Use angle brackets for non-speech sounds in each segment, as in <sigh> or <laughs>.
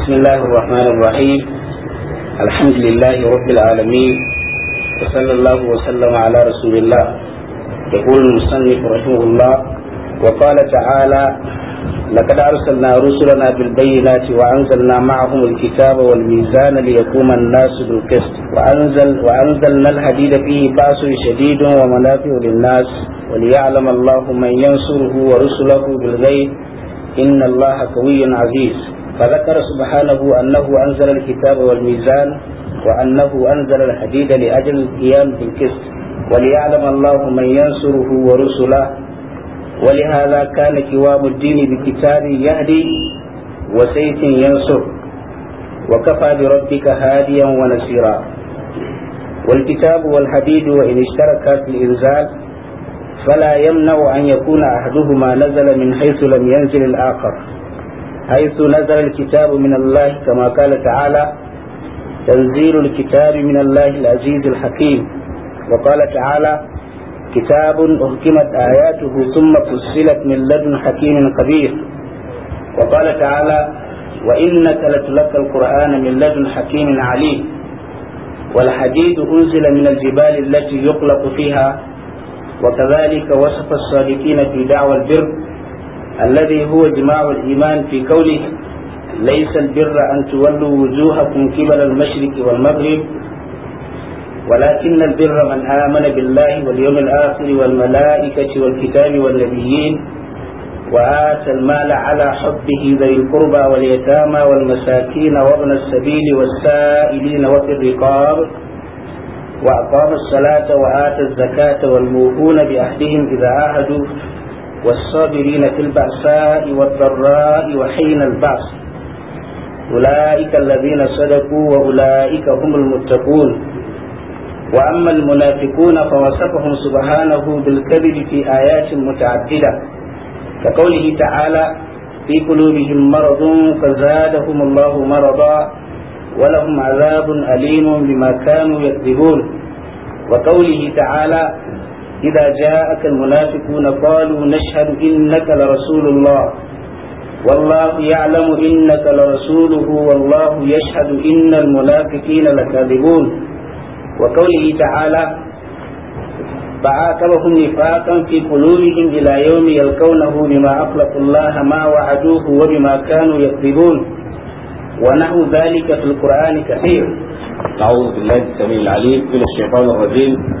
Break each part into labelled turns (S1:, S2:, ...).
S1: بسم الله الرحمن الرحيم الحمد لله رب العالمين وصلى الله وسلم على رسول الله يقول المصنف رحمه الله وقال تعالى لقد أرسلنا رسلنا بالبينات وأنزلنا معهم الكتاب والميزان ليقوم الناس بالقسط وأنزل وأنزلنا الحديد فيه بأس شديد ومنافع للناس وليعلم الله من ينصره ورسله بالغيب إن الله قوي عزيز فذكر سبحانه أنه أنزل الكتاب والميزان وأنه أنزل الحديد لأجل القيام بالقسط وليعلم الله من ينصره ورسله ولهذا كان قوام الدين بكتاب يهدي وسيف ينصر وكفى بربك هاديا ونسيرا والكتاب والحديد وإن اشتركا في الإنزال فلا يمنع أن يكون أحدهما نزل من حيث لم ينزل الآخر حيث نزل الكتاب من الله كما قال تعالى تنزيل الكتاب من الله العزيز الحكيم وقال تعالى كتاب أهكمت آياته ثم فصلت من لدن حكيم قدير وقال تعالى وإنك لتلقى القرآن من لدن حكيم عليم والحديد أنزل من الجبال التي يقلق فيها وكذلك وصف الصادقين في دعوى البر الذي هو جماع الإيمان في قوله ليس البر أن تولوا وجوهكم قبل المشرق والمغرب ولكن البر من آمن بالله واليوم الآخر والملائكة والكتاب والنبيين وآتى المال على حبه ذوي القربى واليتامى والمساكين وابن السبيل والسائلين وفي الرقاب وأقام الصلاة وآتى الزكاة والموفون بأهلهم إذا عاهدوا والصابرين في البأساء والضراء وحين البعث أولئك الذين صدقوا وأولئك هم المتقون وأما المنافقون فوصفهم سبحانه بالكذب في آيات متعددة كقوله تعالى في قلوبهم مرض فزادهم الله مرضا ولهم عذاب أليم بما كانوا يكذبون وقوله تعالى إذا جاءك المنافقون قالوا نشهد إنك لرسول الله والله يعلم إنك لرسوله والله يشهد إن المنافقين لكاذبون وقوله تعالى فعاقبهم نفاقا في قلوبهم إلى يوم يلقونه بما أخلقوا الله ما وعدوه وبما كانوا يكذبون ونحو ذلك في القرآن كثير أعوذ بالله السميع العليم من الشيطان الرجيم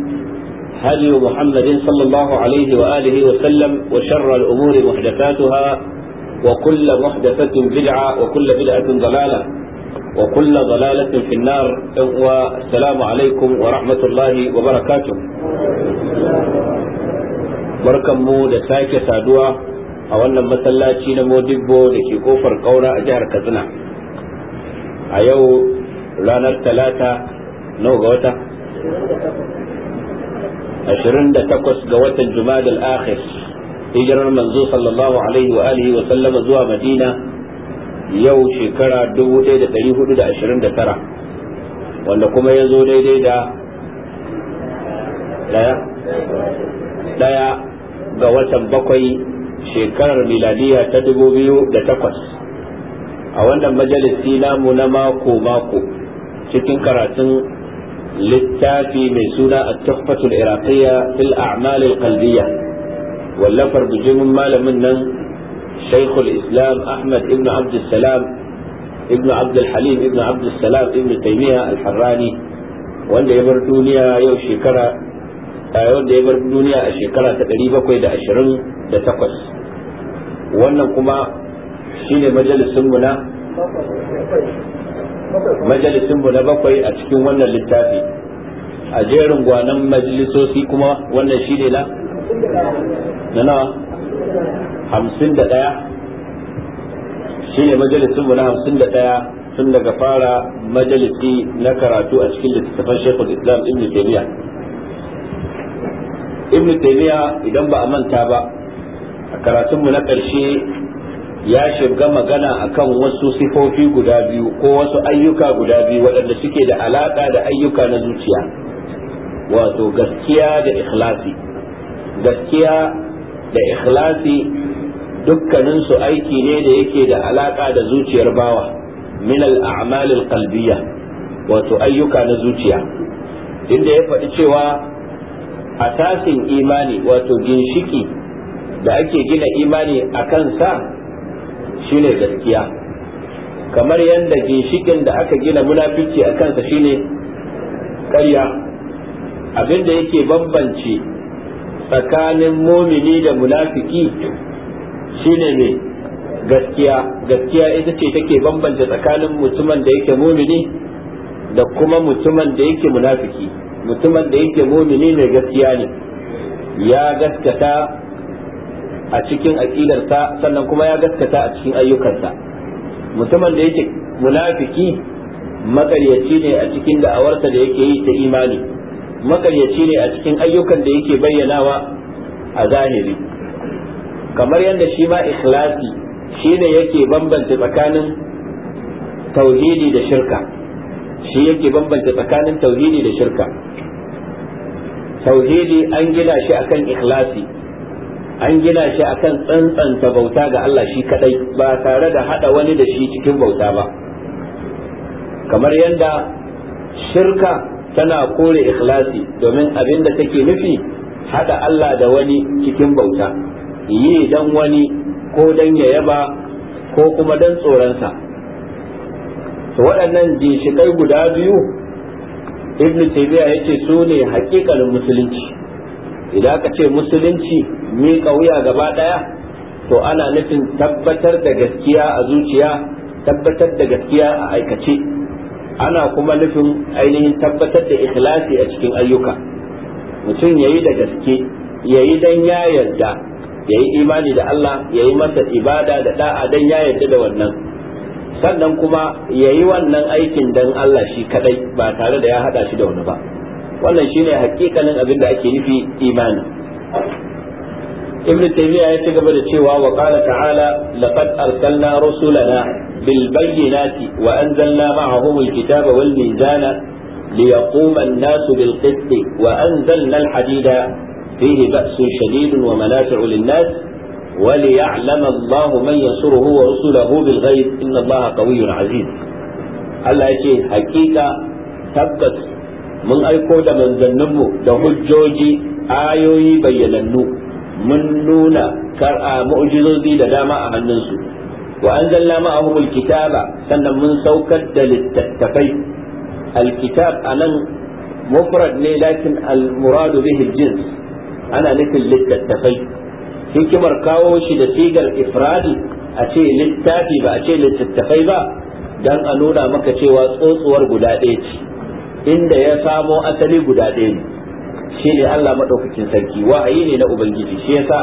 S1: هدي محمد صلى الله عليه وآله وسلم وشر الأمور محدثاتها وكل محدثة بدعة وكل بدعة ضلالة وكل ضلالة في النار والسلام عليكم ورحمة الله وبركاته barkanmu da sake saduwa a wannan masallaci na modibbo da ke kofar kaura a jihar katsina a yau ranar talata nawa ga wata 28 ga watan Jumadal akhir hijirar manzo sallallahu alaihi wa alihi wa sallama zuwa Madina yau shekara 1429 wanda kuma ya zo daidai da daya daya ga watan bakwai shekarar miladiya ta 2008 a wannan majalisi namu na mako mako cikin karatun littafi mai suna a tuhfatul iraqiyya fil a'mal al qalbiyya wallafar bijimin malamin nan shaykhul islam ahmad ibn abd salam ibn abd al halim ibn salam ibn taymiya al wanda ya bar duniya yau a eh, wanda ya bar duniya a shekara ta 728 wannan kuma shine majalisin mu na majalisin mu na bakwai a cikin wannan littafi a jerin gwanan majalisoci kuma wannan shi ne na nawa hamsin da ɗaya shi ne majalisin mu na hamsin da ɗaya tun daga fara majalisi na karatu a cikin littattafan shekul islam ibn taymiya ibn taymiya idan ba a manta ba a karatunmu na ƙarshe ya shiga magana akan wasu sifofi guda biyu ko wasu ayyuka guda biyu waɗanda suke da alaƙa da ayyuka na zuciya wato gaskiya da ikhlasi gaskiya da ikhlasi dukkaninsu aiki ne da yake da alaƙa da zuciyar bawa min al-a'mal qalbiyya wato ayyuka na zuciya inda ya faɗi cewa asasin imani wato ginshiki da ake gina imani akan sa shine gaskiya kamar yadda ginshikin da aka gina munafici a kansa shine karya abinda yake bambance tsakanin mumini da munafiki shine mai gaskiya gaskiya ita ce take bambance tsakanin mutumin da yake mumini da kuma mutumin da yake munafiki mutumin da yake mumini mai gaskiya ne ya gaskata a cikin aqidarsa sannan kuma ya gaskata a cikin ayyukansa mutumin da yake munafiki makaryaci ne a cikin da'awarsa da yake yi ta imani makaryaci ne a cikin ayyukan da yake bayyanawa a zahiri kamar yadda shi ma ikhlasi shine yake bambanta tsakanin tauhidi da shirka shi yake bambanta tsakanin tauhidi da shirka tauhidi an gina shi akan ikhlasi an gina shi akan tsantsanta bauta ga Allah shi kadai ba tare da hada wani da shi cikin bauta ba kamar yadda shirka tana kore ikhlasi domin abin da take nufi hada Allah da wani cikin bauta yi dan wani ko dan ya yaba ko kuma dan tsoronsa to waɗannan ginshiƙai guda biyu ibn taymiya yace su ne musulunci idan aka ce musulunci mi wuya gaba daya to ana nufin tabbatar da gaskiya a zuciya tabbatar da gaskiya a aikace ana kuma nufin ainihin tabbatar da ikhlasi a cikin ayyuka mutum yayi da gaske yayi dan ya yarda yayi imani da Allah yayi masa ibada da da'a dan ya yarda da wannan sannan kuma yayi wannan aikin dan Allah shi kadai ba tare da ya hada shi da wani ba wannan shine hakikanin abin da ake nufi imani ibn taymiya ya ci gaba da cewa wa qala ta'ala laqad arsalna rusulana bil bayyinati wa anzalna ma'ahum al kitaba wal mizana ليقوم الناس بالقسط وأنزلنا الحديد فيه بأس شديد ومنافع للناس وليعلم الله من ينصره ورسله بالغيب إن الله قوي عزيز Allah ya ce hakika tabbas mun aiko da manzanninmu da hujjoji ayoyi bayyanannu mun nuna kar a mu'jizozi da dama a hannunsu wa anzalna ma'ahum alkitaba sannan mun saukar da littattafai alkitab anan mufrad ne lakin almuradu bihi aljins ana nufin littattafai hikimar kawo shi da sigar ifradi a ce littafi ba a ce littattafai ba dan a nuna maka cewa tsotsuwar guda ɗaya ce inda ya samo asali guda ɗaya ne shi ne Allah maɗaukakin sarki wahayi ne na ubangiji shi yasa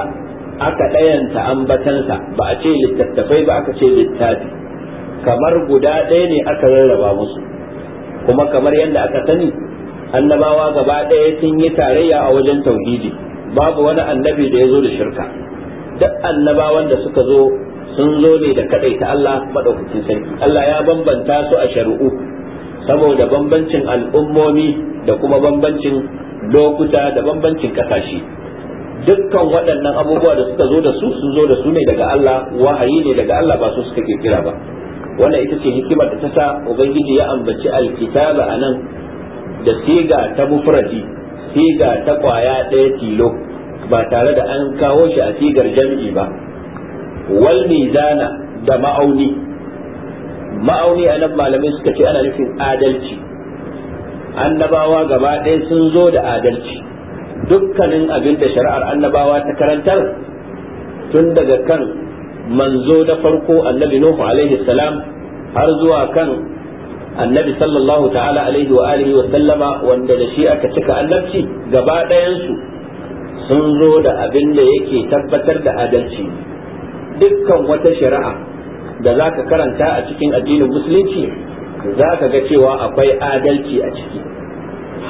S1: aka ɗayanta ambatansa ba a ce littattafai ba aka ce littafi kamar guda ɗaya ne aka rarraba musu kuma kamar yadda aka sani annabawa gaba ɗaya sun yi tarayya a wajen tauhidi babu wani annabi da ya zo da shirka duk annabawan da suka zo sun zo ne da kaɗaita Allah maɗaukacin sarki Allah ya bambanta su a shari'u saboda bambancin al'ummomi da kuma bambancin lokuta da bambancin kasashe dukkan waɗannan abubuwa da suka zo da su sun zo da su ne daga Allah wahayi ne daga Allah ba su suka kira ba wannan ita ce hikimar da ta sa ubangiji ya ambaci alkitaba a nan da siga ta mufradi siga ta kwaya ɗaya tilo ba tare da an kawo shi a sigar jam'i ba wal mizana da ma'auni ma'auni a nan malamai suka ce ana nufin adalci annabawa gaba ɗaya sun zo da adalci dukkanin abin da shari'ar annabawa ta karantar tun daga kan manzo na farko annabi nuhu alaihi salam har zuwa kan annabi sallallahu ta'ala alaihi wa alihi wa sallama wanda da shi aka cika annabci gaba ɗayansu sun zo da abin da yake tabbatar da adalci dukkan wata shari'a da za ka karanta a cikin addinin musulunci za ka ga cewa akwai adalci a ciki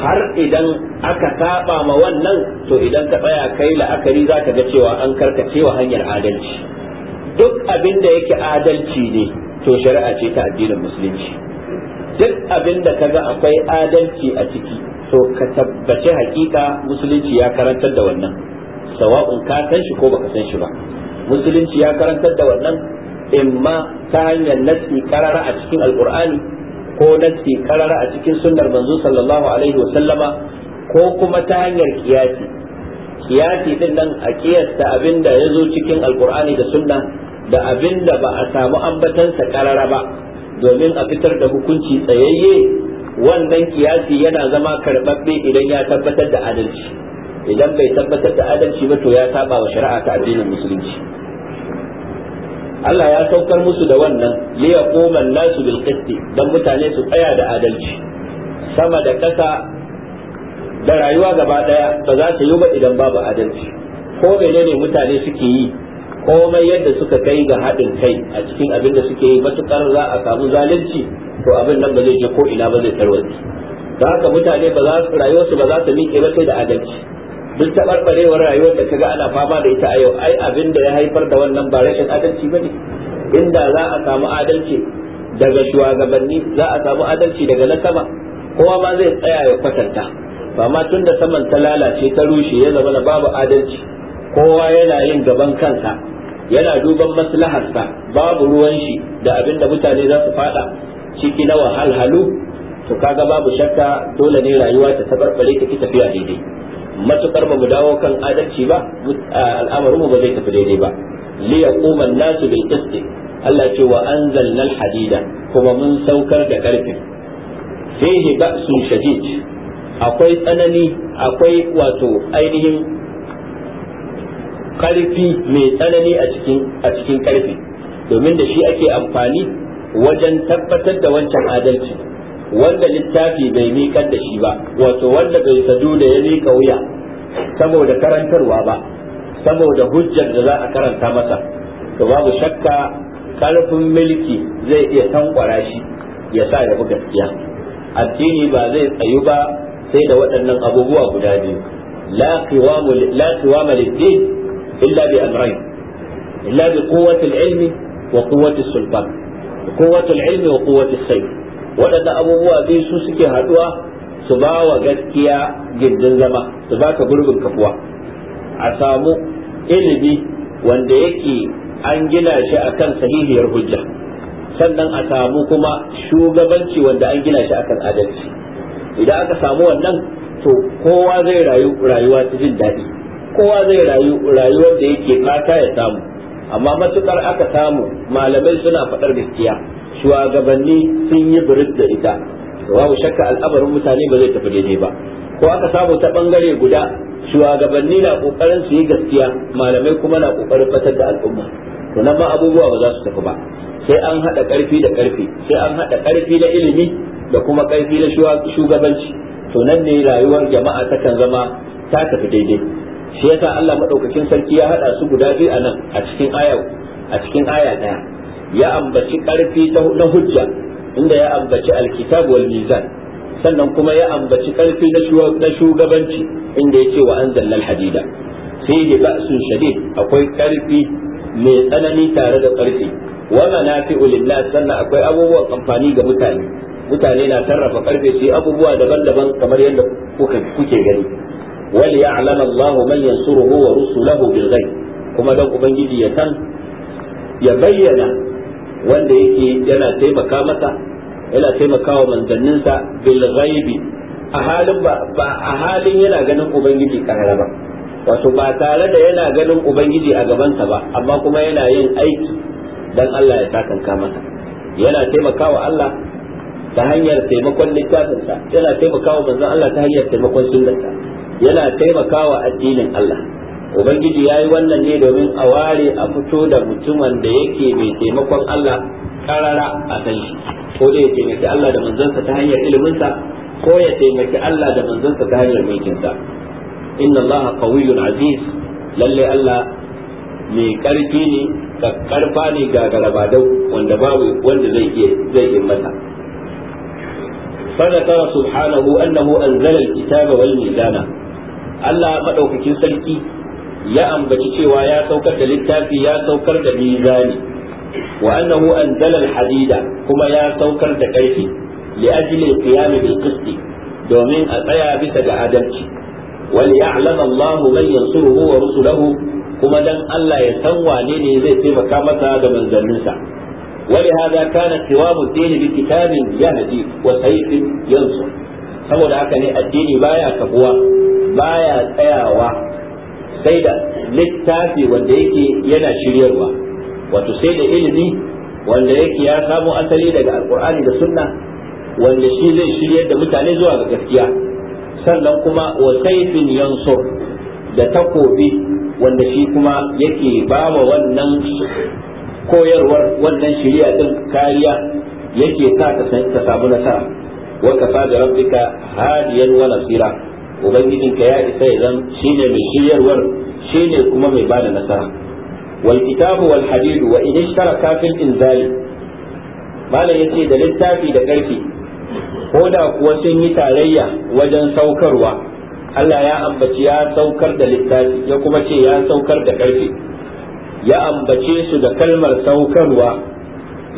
S1: har idan aka saba ma wannan to idan ka tsaya kai la'akari za ka ga cewa an karkacewa hanyar adalci duk abin da yake adalci ne to shari'a ce ta addinin musulunci duk abin da kaga akwai adalci a ciki to ka tabbace hakika musulunci ya karantar da wannan sawa'un ka san shi ko baka san shi ba musulunci ya karantar da wannan imma ta hanyar nassi karara a cikin alqur'ani ko nassi karara a cikin sunnar manzo sallallahu alaihi wasallama ko kuma ta hanyar kiyasi kiyasi din nan a kiyasta abinda ya zo cikin alqur'ani da sunna da abinda ba a samu ambatansa karara ba domin a fitar da hukunci tsayayye wannan kiyasi yana zama karɓaɓɓe idan ya tabbatar da adalci idan bai tabbatar da adalci ba to ya saba wa shari'a ta addinin musulunci Allah ya saukar musu da wannan li yaquma nasu bil qisti dan mutane su tsaya da adalci sama da kasa da rayuwa gaba daya ba za ta yi ba idan babu adalci ko menene mutane suke yi komai yadda suka kai ga haɗin kai a cikin abin da suke yi matukar za a samu zalunci to abin nan ba zai je ko ina ba zai tarwatsi da haka mutane ba za su rayuwa su ba za su miƙe ba sai da adalci duk tabarbarewar rayuwar da kaga ana fama da ita a yau ai abin da ya haifar da wannan ba rashin adalci bane inda za a samu adalci daga shugabanni za a samu adalci daga na sama kowa ma zai tsaya ya kwatanta amma tun da saman ta lalace ta rushe ya zama na babu adalci kowa yana yin gaban kansa yana duban maslaharsa babu ruwan shi da abin da mutane za su fada ciki na wahalhalu to kaga babu shakka dole ne rayuwa ta tabarbare ta tafiya daidai Matuƙar ba mu dawo kan adalci ba al'amarin mu ba zai tafi daidai ba li yaquma an-nasu bil qist Allah ce wa anzalna al-hadida kuma mun saukar da karfi fihi ba'sun shadid akwai tsanani akwai wato ainihin karfi mai tsanani a cikin a cikin karfi domin da shi ake amfani wajen tabbatar da wancan adalci wanda littafi bai miƙar da shi ba wato wanda bai sadu da ya miƙa wuya saboda karantarwa ba saboda hujjar da za a karanta masa to babu shakka karfin mulki zai iya tankwara shi ya sa ya bi gaskiya addini ba zai tsayu ba sai da waɗannan abubuwa guda biyu la qiwama lid-din illa bi amrayn illa bi quwwati al-ilmi wa quwwati as-sultan quwwati al-ilmi wa quwwati as-sayf Waɗanne abubuwa biyu su suke haɗuwa su ba wa gaskiya gindin zama su ba ka gurbin kafuwa a samu ilimi wanda yake an gina shi akan sahihiyar hujja sannan a samu kuma shugabanci wanda an gina shi akan adalci idan aka samu wannan to kowa zai rayu rayuwa ta jin daɗi kowa zai rayu rayuwar da yake fata ya samu amma matukar aka samu malamai suna faɗar gaskiya shugabanni sun yi biris da ita babu shakka al'amarin mutane ba zai tafi daidai ba ko aka samu ta bangare guda shugabanni na kokarin su yi gaskiya malamai kuma na kokarin fatar da al'umma to nan ma abubuwa ba za su tafi ba sai an haɗa karfi da karfi sai an haɗa karfi na ilimi da kuma ƙarfi na shugabanci to nan ne rayuwar jama'a takan zama ta tafi daidai shi yasa Allah madaukakin sarki ya hada su guda biyu anan a cikin aya a cikin aya daya ya ambaci karfi na hujja inda ya ambaci alkitab wal mizan sannan kuma ya ambaci karfi na shugabanci inda ya ce wa anzalna alhadida fihi Basu shadid akwai karfi mai tsanani tare da karfi wa manafi'u lillah sannan akwai abubuwan amfani ga mutane mutane na sarrafa karfe su abubuwa daban-daban kamar yadda kuke gani wal ya'lam Allah man yansuruhu wa rusuluhu bil ghaib kuma dan ubangiji ya san ya bayyana wanda yake yana taimaka masa yana taimakawa manzanninsa bil ghaibi a halin ba a halin yana ganin ubangiji karara ba wato ba tare da yana ganin ubangiji a gabansa ba amma kuma yana yin aiki dan Allah ya takanka masa yana taimakawa Allah ta hanyar taimakon littafinsa yana taimakawa manzon Allah ta hanyar taimakon sunanta. yana taimakawa addinin Allah ubangiji ya yi wannan ne domin a ware a fito da mutumin da yake mai taimakon Allah karara a san ko da ya taimaki Allah da manzansa ta hanyar iliminsa ko ya taimaki Allah da manzansa ta hanyar mulkinsa inna Allah qawiyyun aziz lalle Allah mai karfi ne karfa ne ga garabadau wanda babu wanda zai iya zai yi masa annahu سبحانه أنه أنزل wal mizana Allah maɗaukakin sarki ya ambaci cewa ya saukar da littafi ya saukar da mizani wa annahu anzala hadida kuma ya saukar da ƙarfi, li ajli qiyam bil qist domin a tsaya bisa ga adalci wal ya'lam Allah man yansuruhu wa rusuluhu kuma dan Allah ya san wane ne zai taimaka masa da manzanninsa ولهذا كان قوام الدين بكتاب يهدي وسيف ينصر saboda haka ne addini baya kafuwa baya tsayawa sai da littafi wanda yake yana shiryarwa wato sai da ilimi wanda yake ya samu asali daga alkur'ani da sunna wanda shi zai shiryar da mutane zuwa ga gaskiya sannan kuma wa saifin yanso da takobi wanda shi kuma yake ba wa wannan koyarwar wannan shirya din kariya yake sa ta samu nasara wa da bi rabbika hadiyan wa nasira ubangijinka ya isa ya zan shine mai shiryarwar shine kuma mai bada nasara wal kitabu wal hadid wa in ishtaraka fil inzali malam yace da littafi da karfi ko da kuwa sun yi tarayya wajen saukarwa Allah ya ambaci ya saukar da littafi ya kuma ce ya saukar da karfi ya ambace su da kalmar saukarwa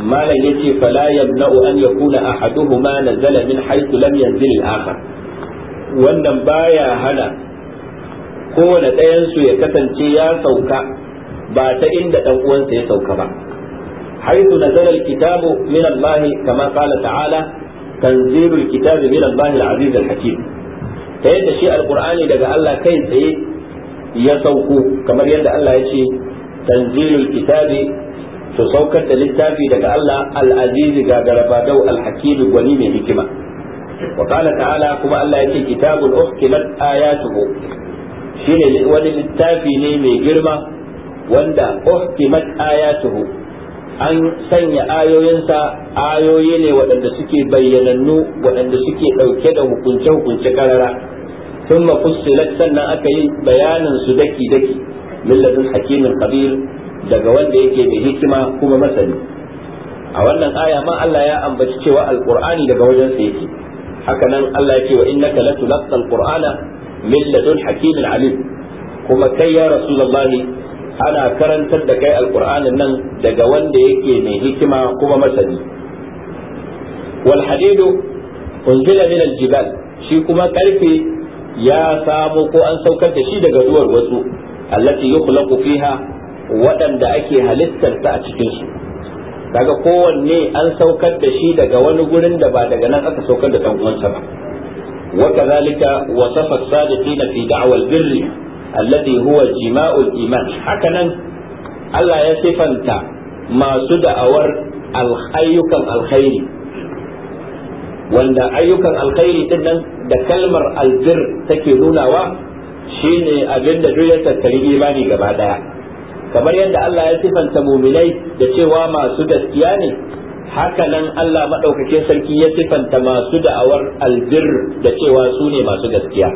S1: malam yace fala yamna'u an yakuna ahaduhuma nazala min haythu lam yanzil al-akhar wannan baya hana kowane ɗayan su ya kasance ya sauka ba ta inda dan uwansa ya sauka ba haythu nazala al-kitabu min Allah kama qala ta'ala tanzilul kitabi min Allah al-aziz al-hakim ta yadda shi alqur'ani daga Allah kai tsaye ya sauko kamar yadda Allah ya ce tanzilul kitabi to saukar da littafi daga Allah al-aziz gagaraba dau al-hakim gwani mai hikima wa qala ta'ala kuma Allah yace kitabul ukhtilat ayatuhu shine wani littafi ne mai girma wanda ya ayatuhu an sanya ayoyinsa ayoyi ne waɗanda suke bayyanannu waɗanda suke ɗauke da hukunce-hukunce karara sun mafussilat sannan aka yi bayanin su daki-daki milladin hakimin kabir daga wanda yake da hikima kuma masani a wannan aya ma Allah ya ambaci cewa alqur'ani daga wajen sa yake haka nan Allah ya ce wa innaka latulqa alqur'ana min ladun hakimin alim kuma kai ya rasulullahi ana karantar da kai alqur'anin nan daga wanda yake mai hikima kuma masani wal hadidu unzila min aljibal shi kuma karfe ya samu ko an saukar da shi daga duwar wasu allati yukhlaqu fiha waɗanda ake halittarsa a cikinsu daga kowanne an saukar da shi daga wani gurin da ba daga nan aka saukar da ɗan uwansa ba kazalika وصف الصادقين في دعوى birri الذي huwa جماع Haka nan Allah ya sifanta masu da'awar ayyukan alkhairi, wanda ayyukan alkhairi din nan da kalmar albir take nunawa shine abin da duk ya tattari imani gaba daya kamar yadda Allah ya sifanta muminai da cewa masu gaskiya ne haka nan Allah maɗaukakin sarki ya sifanta masu da'awar albir da cewa su ne masu gaskiya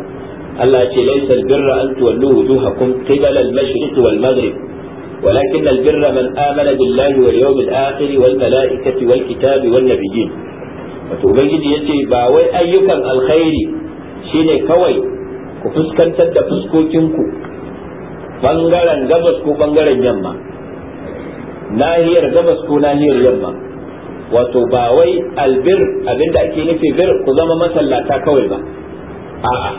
S1: Allah ce laysa albirra an tuwallu wujuhakum qibala al-mashriq wal maghrib ولكن البر من آمن بالله واليوم الآخر والملائكة والكتاب والنبيين وتوبيجي يتي باوي أيكم الخير شيني كوي ku fuskantar da fuskokinku bangaren gabas ko bangaren yamma nahiyar gabas ko nahiyar yamma wato ba wai albir abinda ake nufi bir ku zama masallata kawai ba a'a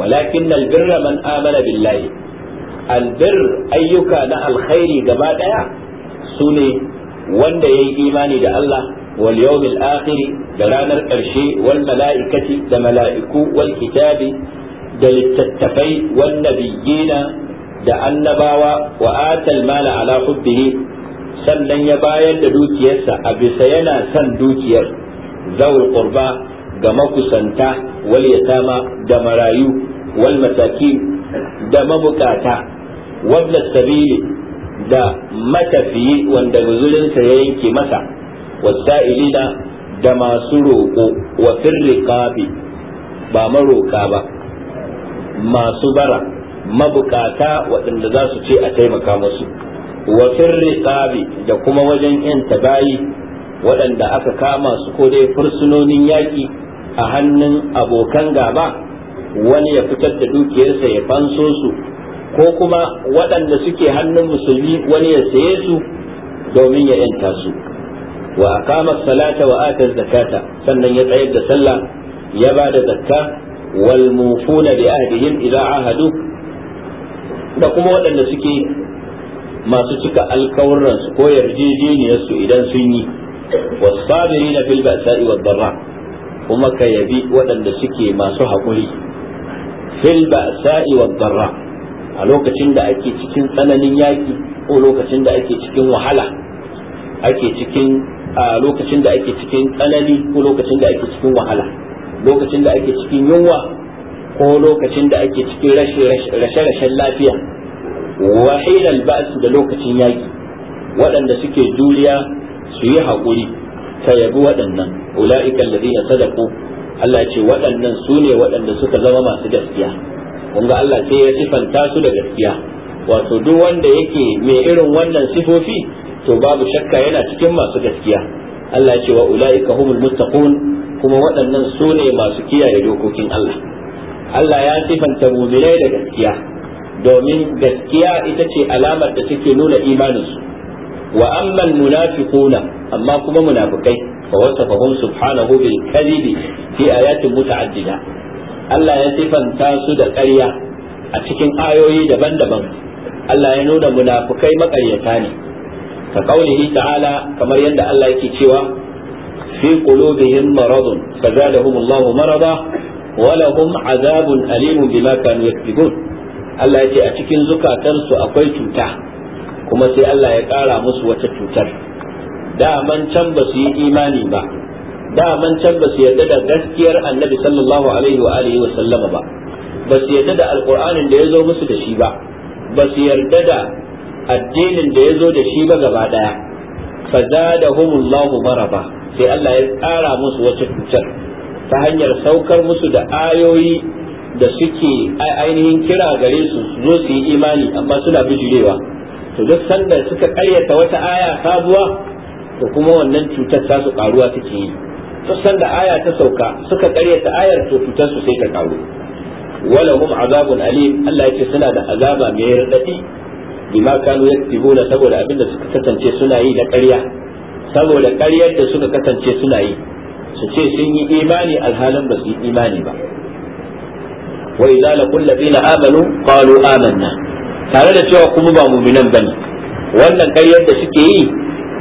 S1: walakin albirra man amana billahi albir ayyuka na alkhairi gaba daya su ne wanda ya yi imani da Allah wal yawmil akhiri da ranar ƙarshe wal mala'ikati da mala'iku wal kitabi da littattafai wal nabiyina da annabawa wa atal mala ala hubbihi sannan ya bayar da dukiyarsa a bisa yana san dukiyar zawul qurba ga makusanta wal yatama da marayu wal masakin da mabukata wal sabili da matafiyi wanda guzurinsa ya yanke masa wasa'ilina da masu roƙo wa bi ba maroƙa ba masu bara mabukata waɗanda za su ce a taimaka musu wa riqabi da kuma wajen yan tabayi waɗanda aka kama su ko dai fursunonin yaƙi a hannun abokan gaba wani ya fitar da dukiyarsa ya fanso su ko kuma waɗanda suke hannun musulmi wani ya saye su domin ya yanta su wa kama salata wa ata zakata sannan ya tsayar da sallah ya ba da zakka wal mufuna bi ahdihim idza ahadu da kuma waɗanda suke masu cika alkawurransu ko yarjejeniyarsu idan sun yi wasabiri na filba sa'i wa dara kuma ka yabi waɗanda suke masu haƙuri filba sa'i wa dara a lokacin da ake cikin tsananin yaƙi ko lokacin da ake cikin wahala ake cikin a lokacin da ake cikin tsanani ko lokacin da ake cikin wahala lokacin da ake cikin yunwa ko lokacin da ake cikin rashe-rashen lafiya wa hilal da lokacin yaki waɗanda suke juriya su yi haƙuri ta yabi waɗannan ula'ikan ladina sadaku Allah ce waɗannan su ne waɗanda suka zama masu gaskiya kun ga Allah sai ya sifanta su da gaskiya wato duk wanda yake mai irin wannan sifofi to babu shakka yana cikin masu gaskiya Allah ce wa ula'ika humul muttaqun kuma waɗannan su ne masu kiyaye dokokin Allah Allah ya sifanta mu'minai da gaskiya domin gaskiya ita ce alamar da take nuna imaninsu wa amman munafiquna amma kuma munafikai fa wasafahum subhanahu bil kadhibi fi ayatin muta'addida Allah ya sifanta su da ƙarya a cikin ayoyi daban-daban Allah ya nuna munafikai maƙaryata ne ka kaulihi ta'ala kamar yadda Allah yake cewa fi qulubihim maradun fazadahum Allahu marada ولهم عذاب أليم بما كانوا يكذبون Allah ya ce a cikin zukatansu akwai cuta kuma sai Allah ya ƙara musu wata cutar man can ba su yi imani ba Da man can ba su yarda da gaskiyar annabi sallallahu alaihi wa alihi wa sallama ba ba su yarda da alƙur'anin da ya zo musu da shi ba ba su yarda da addinin da ya zo da shi ba gaba ɗaya fa zadahumullahu maraba sai Allah ya ƙara musu wata cutar ta hanyar saukar musu da ayoyi da suke ainihin kira gare su zo su yi imani amma suna bijirewa to duk sanda suka karyata wata aya sabuwa to kuma wannan cutar ta su karuwa take yi duk sanda aya ta sauka suka karyata ayar to cutar su sai ta karu hum azabun alim Allah yake suna da azaba mai radadi bima kanu yaktibuna saboda abinda suka kasance suna yi na ƙarya saboda ƙaryar da suka kasance suna yi su ce sun yi imani alhalin ba su yi imani ba wa la laqul na amanu qalu amanna tare da cewa kuma ba mu'minan bane wannan ƙaryar da suke yi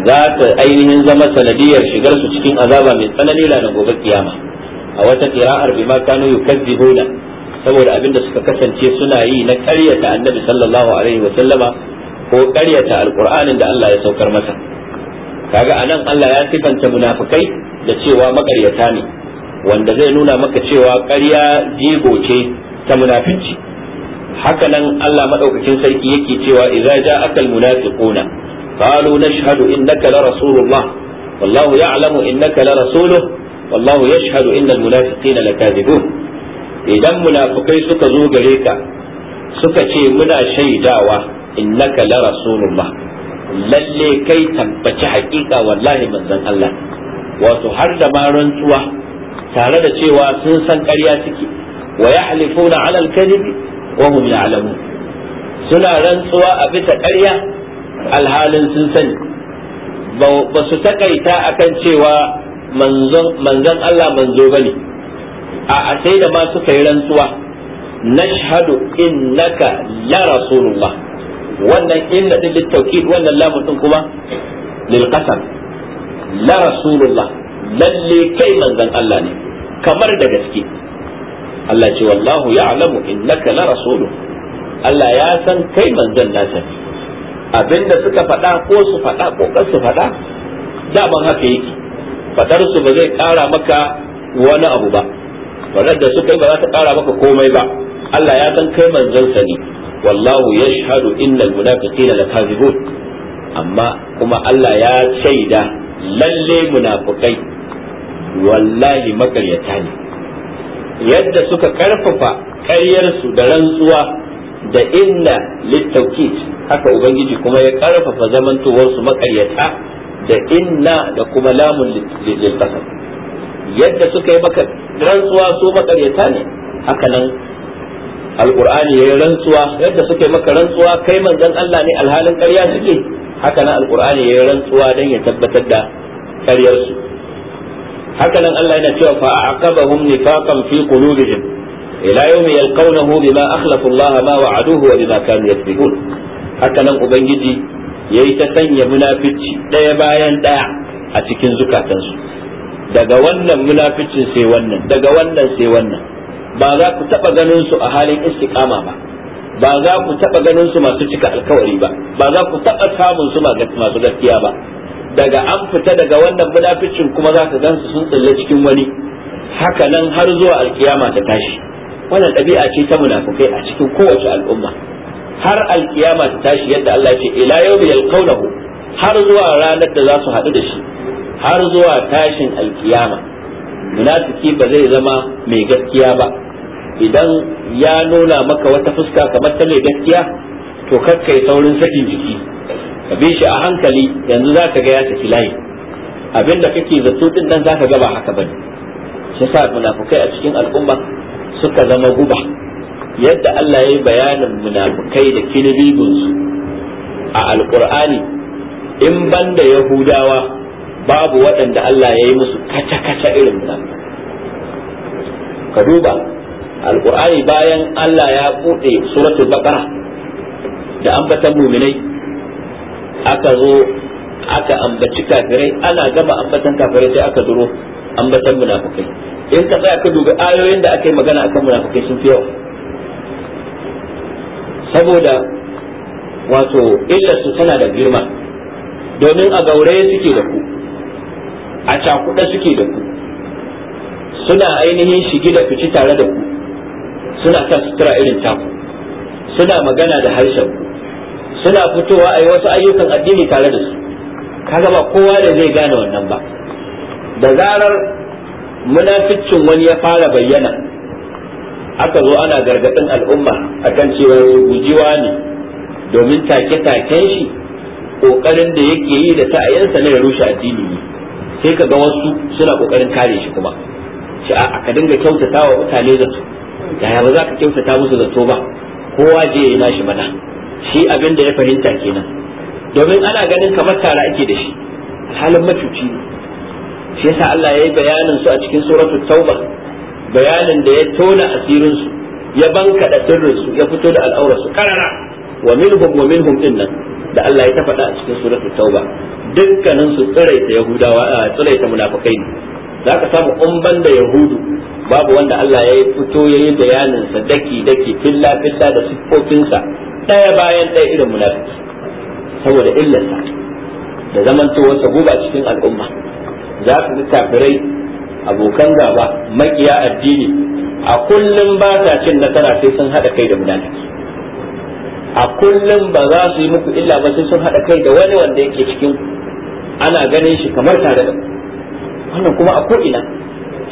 S1: za ta ainihin zama sanadiyar shigar su cikin azaba mai tsanani ranar gobe kiyama a wata qira'ar bima kanu yukazzibuna saboda abin da suka kasance suna yi na karyata annabi sallallahu alaihi wa sallama ko ƙaryata alqur'anin da Allah ya saukar masa kaga anan Allah ya sifanta munafukai da cewa makaryata ne wanda zai nuna maka cewa ƙarya jego ce ta munafici haka nan Allah maɗaukacin sarki yake cewa idza ja'akal munafiquna qalu nashhadu innaka la rasulullah wallahu ya'lamu innaka la rasuluhu wallahu yashhadu innal munafiqina lakadibun idan munafukai suka zo gare ka suka ce muna shaidawa innaka la rasulullah lalle kai tabbaci haƙiƙa wallahi manzon Allah wato har da ma rantsuwa tare da cewa sun san ƙarya suke wa yahlifuna ala al-kadhib wa hum ya'lamun suna rantsuwa a bisa ƙarya alhalin sun sani ba su takaita akan cewa manzon Allah manzo bane a sai da ma suka yi rantsuwa nashhadu innaka la rasulullah wannan inna din littauqid wannan lamun din kuma lil la rasulullah lalle kai manzon Allah ne kamar da gaske Allah ce wallahu ya'lamu innaka la rasulu Allah ya san kai manzon nasa abinda suka faɗa ko su faɗa ko kar su faɗa daman haka yake fadar su ba zai ƙara maka wani abu ba wannan da suka yi ba za ta ƙara maka komai ba Allah ya san kai sa ne wallahu yashhadu innal munafiqina lakazibun amma kuma Allah ya shaida lalle munafiqai wallahi makaryata ne yadda suka karfafa ƙaryarsu da rantsuwa da inna littaukit haka ubangiji kuma ya karfafa zamantowarsu makaryata da inna da kuma lamun lilqasam yadda suka yi maka rantsuwa su makaryata ne haka nan alqur'ani yi rantsuwa yadda suke maka rantsuwa kai manzon Allah ne alhalin ƙarya suke haka nan alqur'ani yayi rantsuwa dan ya tabbatar da ƙaryar su haka nan Allah yana cewa fa'aqabahum nifaqan fi qulubihim ila yawmi yalqawnahu bima akhlafa Allah ma wa'aduhu wa bima kanu yakذibun haka nan ubangiji yayi ta sanya munafici daya bayan daya a cikin zukatansu daga wannan munaficin sai wannan daga wannan sai wannan ba za ku taba ganin su a halin istiqama ba ba za ku taba ganin su masu cika alkawari ba ba za ku taba samun su masu gaskiya ba daga an fita daga wannan munaficin kuma za ka gansu sun tsalle cikin wani haka nan har zuwa alkiyama ta tashi wannan ɗabi'a ce ta munafikai a cikin kowace al'umma har alkiyama ta tashi yadda Allah ya ce ila yawmi yalqawnahu har zuwa ranar da za su haɗu da shi har zuwa tashin alkiyama munafiki ba zai zama mai gaskiya ba idan ya nuna maka wata fuska kamar ta mai gaskiya to kakkai saurin sakin jiki ka bi shi a hankali yanzu za ka ga ya saki layi abinda kake zato din nan za ka ga ba haka bane shi sa munafukai a cikin al'umma suka zama guba yadda Allah ya yi bayanin munafukai da kinibibinsu a alkur'ani in banda yahudawa babu waɗanda Allah ya yi musu kaca-kaca irin munafiki ka duba alkur'ani bayan Allah ya buɗe suratul baqara da ambatan muminai aka zo aka ambaci kafirai ana gama ambatan kafirai sai aka duro ambatan munafukai in ka tsaya ka duba ayoyin da aka yi magana akan munafukai sun fi yawa saboda wato illarsu tana da girma domin a gaure suke da ku a cakuɗa suke da ku suna ainihin shigi da fici tare da ku suna kan sutura irin taku suna magana da harshen ku suna fitowa a wasu ayyukan addini tare da su kaga ba kowa da zai gane wannan ba da zarar munaficcin wani ya fara bayyana aka zo ana gargaɗin al'umma akan cewa gujiwa ne domin take-taken shi ƙoƙarin da yake yi da ta'ayensa na ya rushe addini ne sai ka ga wasu suna kokarin kare shi kuma shi a ka dinga kyautata wa mutane zato yaya ba za ka kyautata musu zato ba kowa je ya nashi mana shi abin da ya fahimta kenan domin ana ganin kamar tara ake da shi halin macuci ne. shi yasa Allah ya yi bayanin su a cikin suratul tauba bayanin da ya tona asirin su ya banka da sirrin su ya fito da al'aurar su karara wa minhum wa minhum din da Allah ya tafaɗa a cikin suratul tauba dukkanin su tsiraita yahudawa a tsiraita munafikai ne za ka samu umban da yahudu babu wanda Allah ya fito ya yi bayanin sa daki daki filla filla da sa ɗaya bayan ɗaya irin munafiki saboda illarsa da zamantowarsa guba cikin al'umma za ka ga kafirai abokan gaba makiya addini a kullum ba sa cin nasara sai sun haɗa kai da munafiki a kullum ba za su yi muku illa ba sai sun haɗa kai da wani wanda yake cikin ana ganin shi kamar tare da wannan kuma a ko'ina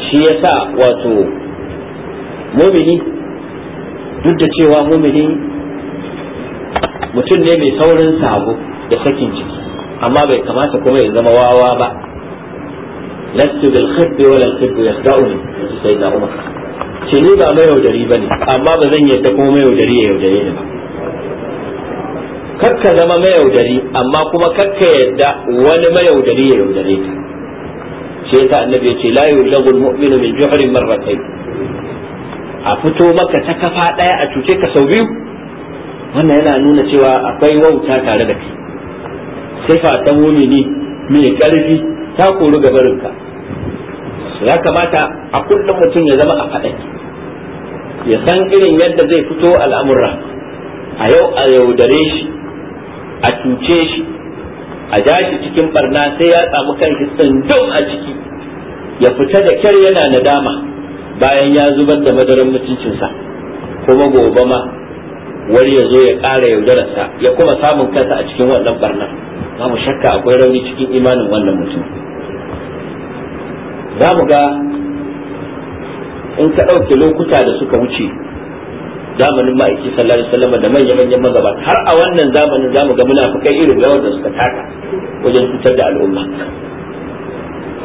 S1: shi ya sa wato mumini duk da cewa mumini mutum ne mai saurin sabo da sakin ciki amma bai kamata kuma ya zama wawa ba lastu bil khabbi wal khibbu yasda'uni sai da umar ce ba mai yaudari bane amma ba zan yadda kuma mai yaudari ya yaudare ni ba kakka zama mayaudari amma kuma kakka yadda wani mayaudari ya yaudare ta shi yasa annabi yace la yulagu almu'minu min juhrin marratayn a fito maka ta kafa daya a cuce ka sau biyu wannan yana nuna cewa akwai wauta tare da kai sifa ta mumini mai karfi ta kori gabarinka ya kamata a kullum mutum ya zama a faɗaki ya san irin yadda zai fito al'amura a yau a yaudare shi a cuce shi a ja shi cikin barna sai ya samu shi tsindin a ciki ya fita da kyar yana nadama bayan ya zubar da madaran mutuncinsa kuma gobe ma wani ya zo ya ƙara yaudararsa ya kuma samun kansa a cikin wannan barna mu shakka akwai rauni cikin imanin wannan mutum za mu ga in ka ɗauke lokuta da suka wuce zamanin ma'aiki sallallahu alaihi wasallam da manya-manyan magabata har a wannan zamanin zamu ga munafikai irin yawan da suka taka wajen cutar da al'umma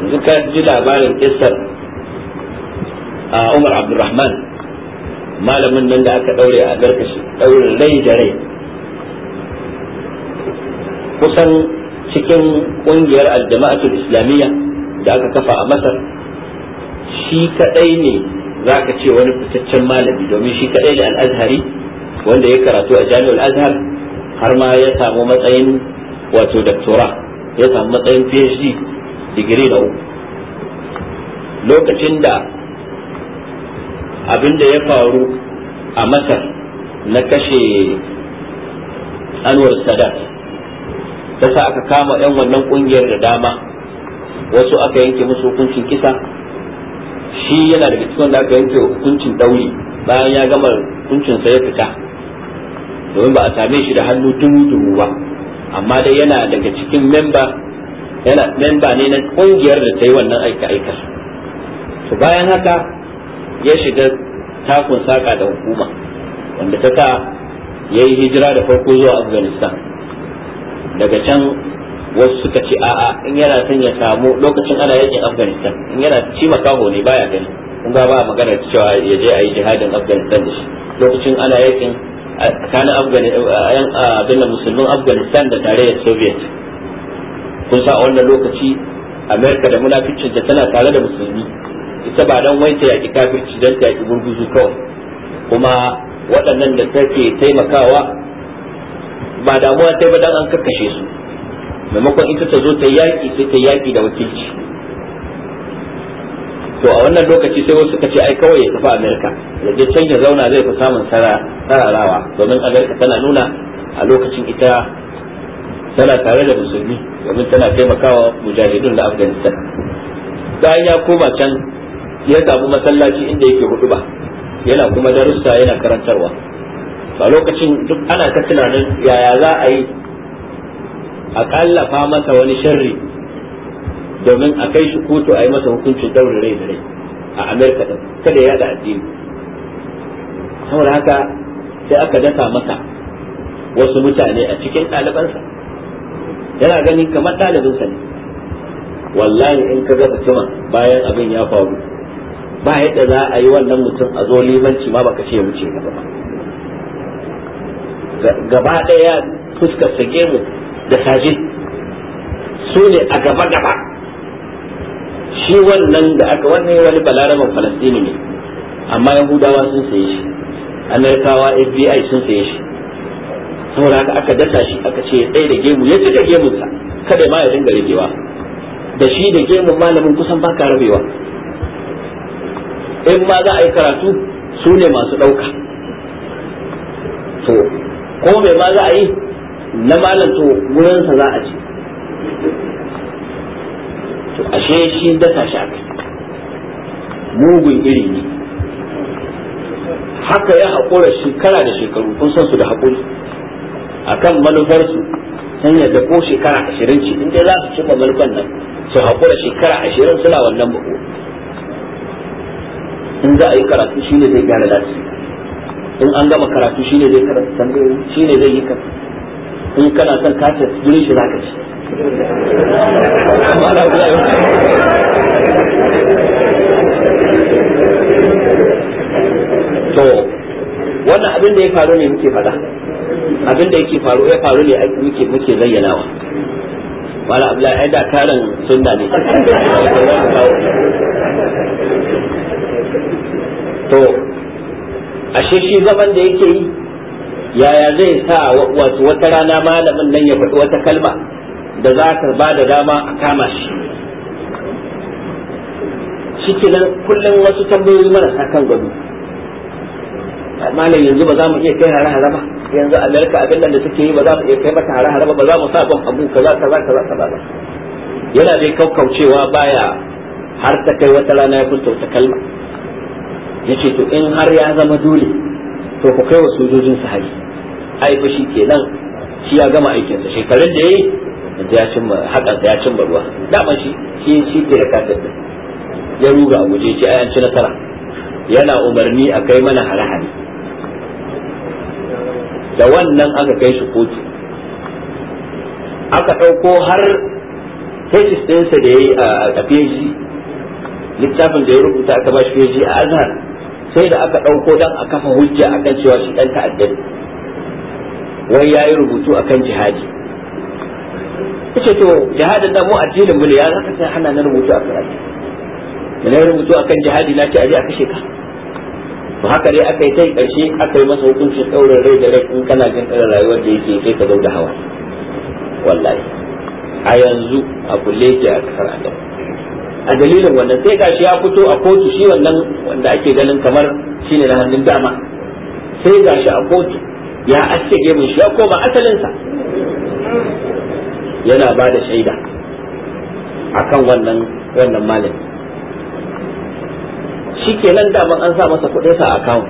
S1: yanzu ka ji labarin kissar Umar Abdulrahman malamin nan da aka daure a garkashi daure rai da rai kusan cikin kungiyar aljama'atul islamiyya da aka kafa a Masar shi kadai ne za ka ce wani fitaccen malami domin shi kaɗai da al'azhari wanda ya karatu a jami'ar azhar har ma ya samu matsayin wato doctora ya samu matsayin phd digiri na uku lokacin da abin da ya faru a masar na kashe anwar sadat ta sa aka kama 'yan wannan kungiyar da dama wasu aka yanke musu hukuncin kisa shi yana daga cikin wanda aka yanke hukuncin dauri bayan ya gama hukuncin sa ya fita domin ba a same shi da hannu dubu dubu ba amma dai yana daga cikin memba yana memba ne na kungiyar da ta yi wannan aika aika to bayan haka ya shiga takun saka da hukuma wanda ta sa ya yi hijira da farko zuwa afghanistan daga can wasu suka ce a'a in yana son ya samu lokacin ana yakin afghanistan in yana ci makaho ne baya gani in ba ba magana cewa ya je a yi jihadin afghanistan da shi lokacin ana yakin tsakanin afghanistan abin da musulmin afghanistan da tarayyar soviet kun sa a wannan lokaci amerika da munafikin da tana tare da musulmi ita ba don wai ta yaki kafirci don ta yaki gurguzu kawai kuma waɗannan da take taimakawa ba damuwa ta ba dan an kakkashe su maimakon ita ta zo ta yaƙi sai ta yaƙi da wakilci to a wannan lokaci sai wasu suka ce ai kawai ya tafi amerika ya je canja zauna zai fi samun sararawa domin amerika tana nuna a lokacin ita tana tare da musulmi domin tana taimakawa mujahidun da afghanistan bayan ya koma can ya samu masallaci inda yake hudu ba yana kuma darussa yana karantarwa a lokacin duk ana ta tunanin yaya za a yi a kallafa masa wani sharri domin a kai shi kotu a yi masa hukuncin daure rai da rai a amerika da kada ya da addini saboda haka sai aka dasa masa wasu mutane a cikin ɗalibansa yana ganin kamar ɗalibinsa ne wallahi in ka ga cima bayan abin ya faru ba yadda za a yi wannan mutum a zo limanci ma baka ce wuce ba gaba ɗaya fuskar sa gemu da sajid su ne a gaba gaba shi wannan da aka wannan wani balaraban falastini ne amma yahudawa sun saye shi amerikawa fbi sun saye shi saboda haka aka dasa shi aka ce tsaye da gemu ya cika gemunsa kada ma ya dinga rigewa da shi da gemun malamin kusan ba ka rabewa in ma za a yi karatu su ne masu ɗauka to ko mai ma za a yi na malam to wurin sa za a ce to ashe shi daka shi akai mugun iri ne haka ya haƙura shekara da shekaru kun san su da haƙuri akan manufarsu sun yadda ko shekara ashirin ce in dai za su cimma manufan nan su haƙura shekara ashirin suna wannan bako in za a yi karatu shi ne zai gyara lafiya in an gama karatu shi ne zai karatu tambayoyi shi ne zai yi karatu in kana son kasa gurin shi zaka ci to wannan abin da ya faru ne muke faɗa abin da yake faru ya faru ne muke muke zayyanawa wala abla ai da karan sunna ne to ashe shi zaman da yake yi yaya zai sa wato wata rana malamin nan ya faɗi wata kalma da za ta ba da dama a kama shi nan kullum wasu tambayoyi marasa kan gado malam yanzu ba za mu iya kai hare-hare ba yanzu amerika abin nan da suke yi ba za mu iya kai mata hare-hare ba ba za mu sa ban abu kaza kaza kaza kaza ba yana dai kaukaucewa baya har ta kai wata rana ya fusta wata kalma yace to in har ya zama dole to ku kai wa sojojin su hari ai fa shi kenan shi ya gama aikinsa shekarun da yayi da ya da ya cimma ruwa daman shi shi shi ke da kafin ya ruga a guje ce ai an ci nasara yana umarni a kai mana hare-hare da wannan aka kai shi kotu aka ɗauko har thesis da ya yi a PhD littafin da ya rubuta aka ba shi PhD a Azhar sai da aka ɗauko dan a kafa hujja akan cewa shi ɗan ta'adda wai yi rubutu akan jihadi kace to jihadin da mu addinin mu ne ya zaka sai hana na rubutu akan addini na rubutu akan jihadi na ce je a kashe ka to haka dai aka yi tai karshe aka yi masa hukunci ɗaurin rai da rai in kana jin ƙarar rayuwar da yake sai ka zauna da hawa wallahi a yanzu a kulle ke a kasar adam a dalilin wannan sai gashi ya fito a kotu shi wannan wanda ake ganin kamar shine na hannun dama sai gashi a kotu ya aske gemun shi ya koma asalinsa yana ba da shaida akan wannan wannan malami shi ke nan daman an sa masa kuɗinsa a account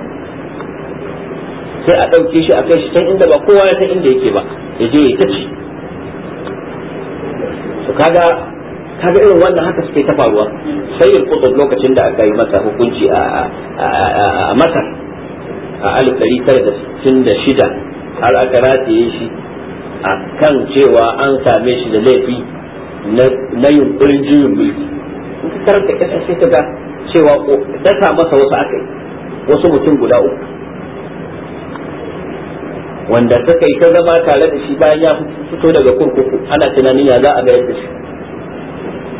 S1: sai a ɗauke shi a kai shi can inda ba kowa ya san inda yake ba ya je ya ta su kaga kaga irin wannan haka suke ta faruwa sai lokacin da aka yi masa hukunci a Masar a 1966 har aka rataye shi a kan cewa an same shi da laifi na yunkurin juyin mulki in ka karanta kasa sai ka ga cewa dasa masa wasu aka yi wasu mutum guda uku wanda suka yi ta zama tare da shi bayan ya fito daga kurkuku ana tunanin ya za a ga yadda shi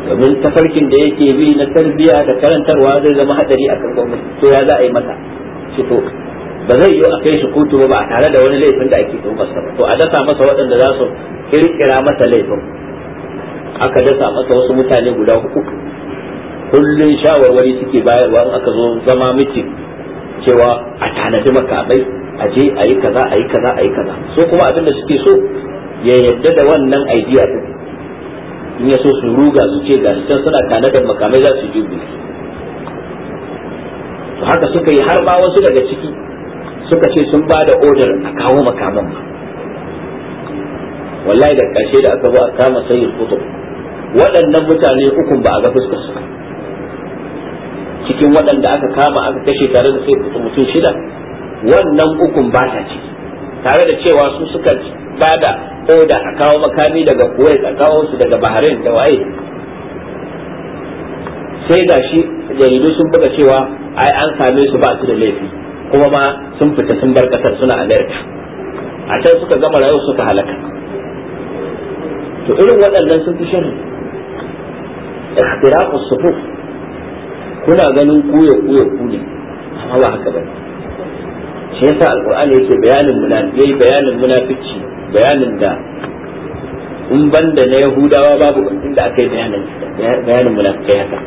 S1: domin tafarkin da yake bi na tarbiya da karantarwa zai zama hadari a kan to ya za a yi masa shi to ba zai yi a kai shi kotu ba tare da wani laifin da ake tuhumar sa to a dasa masa waɗanda za su kirkira masa laifin aka dasa masa wasu mutane guda uku kullum shawarwari suke bayarwa in aka zo zama miki cewa a tanadi makamai a je a yi kaza a yi kaza a yi kaza so kuma abinda suke so ya yadda da wannan idea din in ya so su ruga su ce ga can suna tanadar makamai za su jubu to haka suka yi har wasu daga ciki suka ce sun ba da odar a kawo makaman ba wallahi da ƙarshe da aka ba kama sayin kutub waɗannan mutane ukun ba a ga fuskar su cikin waɗanda aka kama aka kashe tare da sai kutub mutum shida wannan ukun ba ta ciki tare da cewa su suka bada da a kawo makami daga kuwait a kawo su daga bahrain da waye sai ga shi jaridu sun buga cewa ai an same su ba su da laifi kuma ma sun fita sun bar kasar suna america a can suka gama rayuwa suka halaka to irin waɗannan sun fi sharri ikhtiraqus sufuf kuna ganin kuye kuye kune amma ba haka ba shi yasa alqur'ani yake bayanin munafiqai bayanin munafici bayanin da in banda na yahudawa babu inda aka yi bayanin bayanin munafikai haka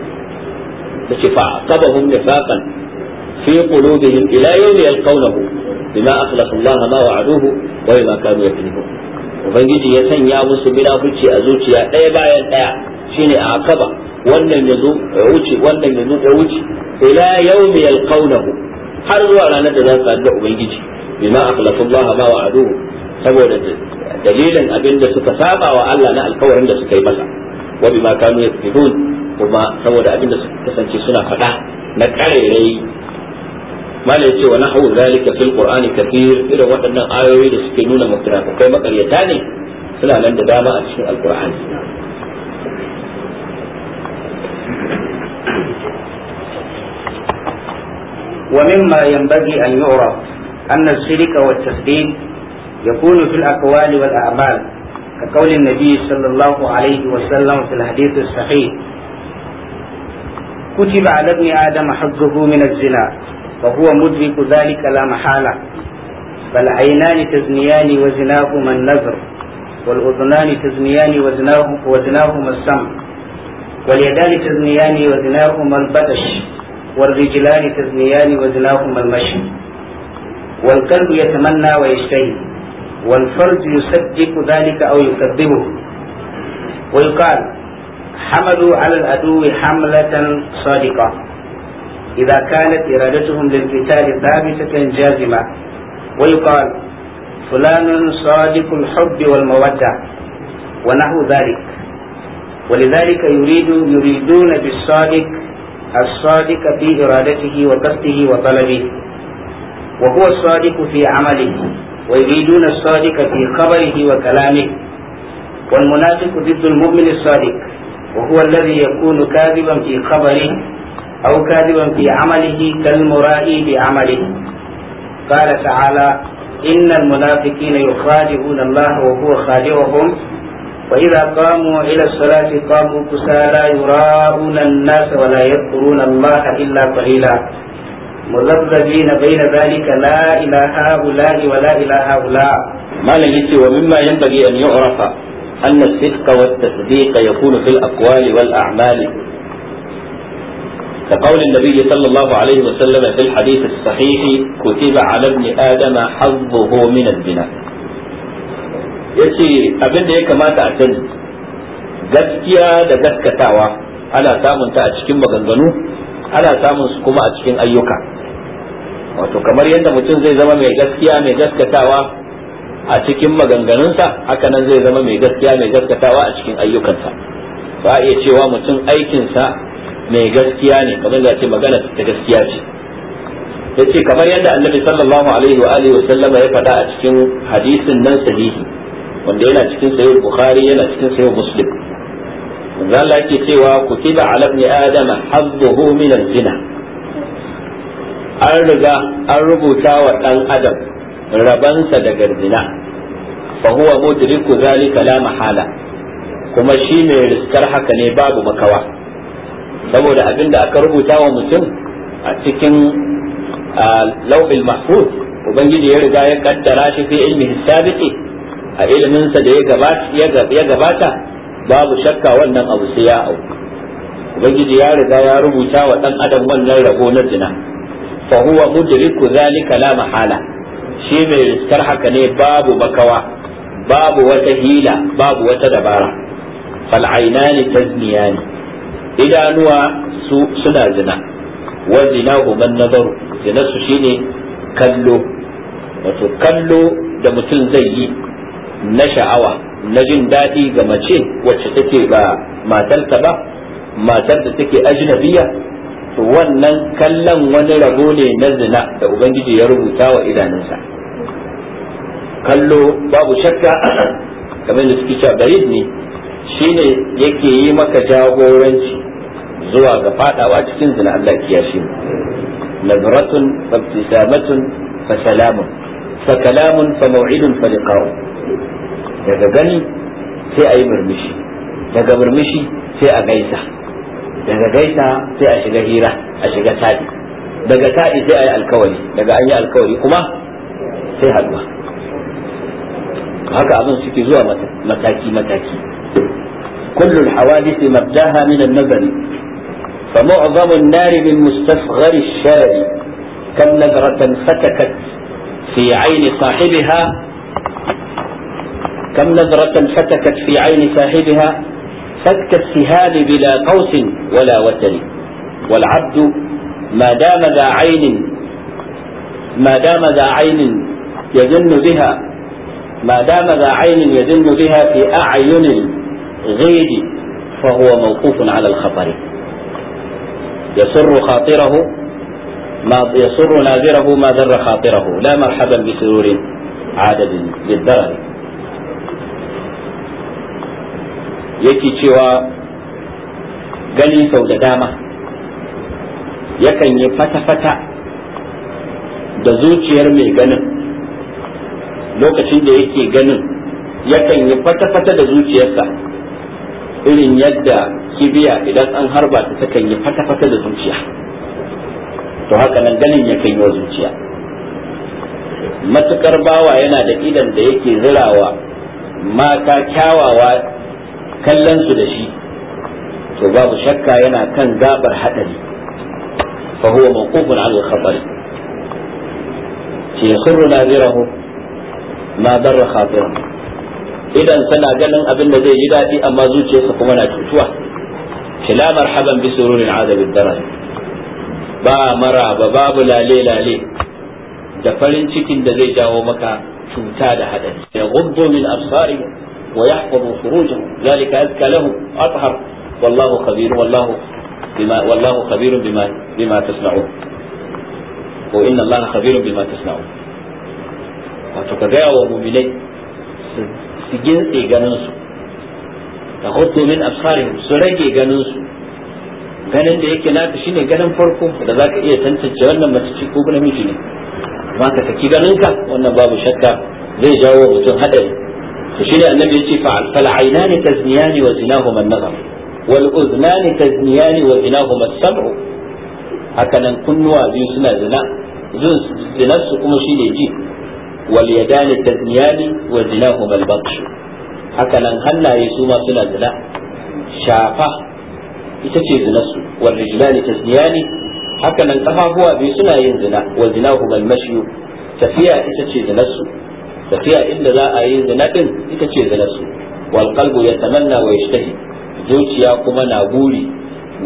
S1: tace fa aqabahum nifaqan fi qulubihim ila yawmi yalqawnahu bima akhlafa Allah ma wa'aduhu wa bima kanu yakzibun ubangiji ya sanya musu munafici a zuciya daya bayan ɗaya shine a kaba wannan yazo ya wuce wannan yazo ya wuce ila yawmi yalqawnahu har zuwa ranar da za su haɗu da ubangiji bima akhlafa Allah ma wa'aduhu saboda dalilin abin da suka saba wa Allah na alkawarin da suka yi masa wa bima kanu yakfurun kuma saboda abin da suka kasance suna faɗa na karerai mala yace wa nahu zalika fil qur'ani kathir ira waɗannan ayoyi da suke nuna kai makaryata ne suna nan da dama a cikin alqur'ani ومما ينبغي أن يعرف أن الشرك والتسليم يكون في الأقوال والأعمال كقول النبي صلى الله عليه وسلم في الحديث الصحيح كتب على ابن آدم حقه من الزنا وهو مدرك ذلك لا محالة فالعينان تزنيان وزناهما النذر والأذنان تزنيان وزناه وزناهما السمع واليدان تزنيان وزناهما البطش والرجلان تزنيان وزناهما المشي والقلب يتمنى ويشتهي والفرد يصدق ذلك أو يكذبه ويقال حملوا على العدو حملة صادقة إذا كانت إرادتهم للقتال ثابتة جازمة ويقال فلان صادق الحب والمودة ونحو ذلك ولذلك يريد يريدون بالصادق الصادق في إرادته وقصده وطلبه وهو الصادق في عمله ويريدون الصادق في خبره وكلامه والمنافق ضد المؤمن الصادق وهو الذي يكون كاذبا في خبره أو كاذبا في عمله كالمرائي بعمله قال تعالى إن المنافقين يخادعون الله وهو خادعهم وإذا قاموا إلى الصلاة قاموا كسالى يراءون الناس ولا يذكرون الله إلا قليلا مذبذبين بين ذلك لا إلى هؤلاء ولا إلى هؤلاء ما لن يتي ومما ينبغي أن يعرف أن الصدق والتصديق يكون في الأقوال والأعمال كقول النبي صلى الله عليه وسلم في الحديث الصحيح كتب على ابن آدم حظه من الزنا yace abin da ya kamata a sani gaskiya da gaskatawa ana samun ta a cikin maganganu ana samun su kuma a cikin ayyuka wato kamar yadda mutum zai zama mai gaskiya mai gaskatawa a cikin maganganunsa haka nan zai zama mai gaskiya mai gaskatawa a cikin ayyukansa ba a iya cewa mutum aikinsa mai gaskiya ne kamar da ce magana ta gaskiya ce yace kamar yadda annabi sallallahu alaihi wa alihi wa sallama ya faɗa a cikin hadisin nan sahihi wanda yana cikin sahih bukhari yana cikin sahih muslim manzo Allah yake cewa kutiba ala ibn adama hadduhu min zina an riga an rubuta wa ɗan adam rabansa da garzina fa huwa mudriku zalika la mahala kuma shi mai riskar haka ne babu makawa saboda abin da aka rubuta wa mutum a cikin lauhil mahfuz ubangiji ya riga ya kaddara shi fi ilmi sabiti a iliminsa da ya gabata babu shakka wannan abu sai ya auku ubangiji ya riga ya rubuta wa dan adam wannan rago na zina fa huwa mudriku zalika la mahala shi mai riskar haka ne babu makawa babu wata hila babu wata dabara fal'ainani ainani tazniyani idanuwa su suna zina wa zinahu man nazaru su shine kallo wato kallo da mutum zai yi na sha'awa na jin daɗi ga mace wacce take ba matarta ba matar da take ajnabiya to wannan kallon wani rabo ne na zina da ubangiji ya rubuta wa idanunsa kallo babu shakka <clears throat> kamar da suke cewa barid ne shine yake yi maka jagoranci zuwa ga fadawa cikin zina Allah kiyashin nazratun fabtisamatun fa salamun fa kalamun fa maw'idun fa liqa'u daga gani sai a yi murmushi daga murmushi sai a gaisa daga gaita sai a shiga hira a shiga tadi daga tadi sai a yi alkawari daga an yi alkawari kuma sai haduwa haka abin suke zuwa mataki mataki كل الحوادث مبداها من النظر فمعظم النار من مستصغر الشرر كم نظرة فتكت في عين صاحبها كم نظرة فتكت في عين صاحبها فك السهام بلا قوس ولا وتر والعبد ما دام ذا عين ما دام ذا عين يذن بها ما دام ذا عين يذن بها في أعين الغير فهو موقوف على الخطر يسر خاطره ما يسر ناذره ما ذر خاطره لا مرحبا بسرور عاد للدرر yake cewa gani sau da dama yakan yi fata-fata da zuciyar mai ganin lokacin da yake ganin yakan yi fata-fata da zuciyarsa irin yadda kibiya idan an harba ta takan yi fata-fata da zuciya to haka nan ganin yakan yi wa zuciya matukar bawa yana da idan da yake zirawa mata kyawawa kallon su da shi to babu shakka yana kan gabar hadari fa huwa mawqufun ala al-khatar shi yasru nazirahu ma darra khatiran idan sana ganin abin da zai yi dadi amma zuciyarsa kuma na cutuwa kila marhaban bi sururin azabi darar ba maraba babu lale lale da farin cikin da zai jawo maka cuta da hadari ya gubbo min absarihim ويحفظ فروجه ذلك أزكى له أطهر والله خبير والله بما والله خبير بما بما تصنعون وإن الله خبير بما تصنعون وتكذا ومؤمنين سجن إيجانوس تغضوا من أبصارهم سرق إيجانوس ganin da yake naka shine ganin farko da za ka iya tantance wannan mace ko namiji ne amma ka saki ganin ka wannan babu shakka zai jawo mutum hadari to shine annabi yace fa fal aynani tazniyani wa zinahuma an-nazar wal udhnani tazniyani wa zinahuma as-sam'u hakanan kunnuwa biyu suna zina zinar su kuma shine ji wal yadani tazniyani wa zinahuma al-batsh hakanan hannaye su ma suna zina shafa ita ce zinar su wal rijlani tazniyani hakanan kafafuwa biyu suna yin zina wa zinahuma al-mashyu tafiya ita ce zinar su tafiya inda za a yi zina din ita ce zina su wal qalbu yatamanna wa yashtahi zuciya kuma na buri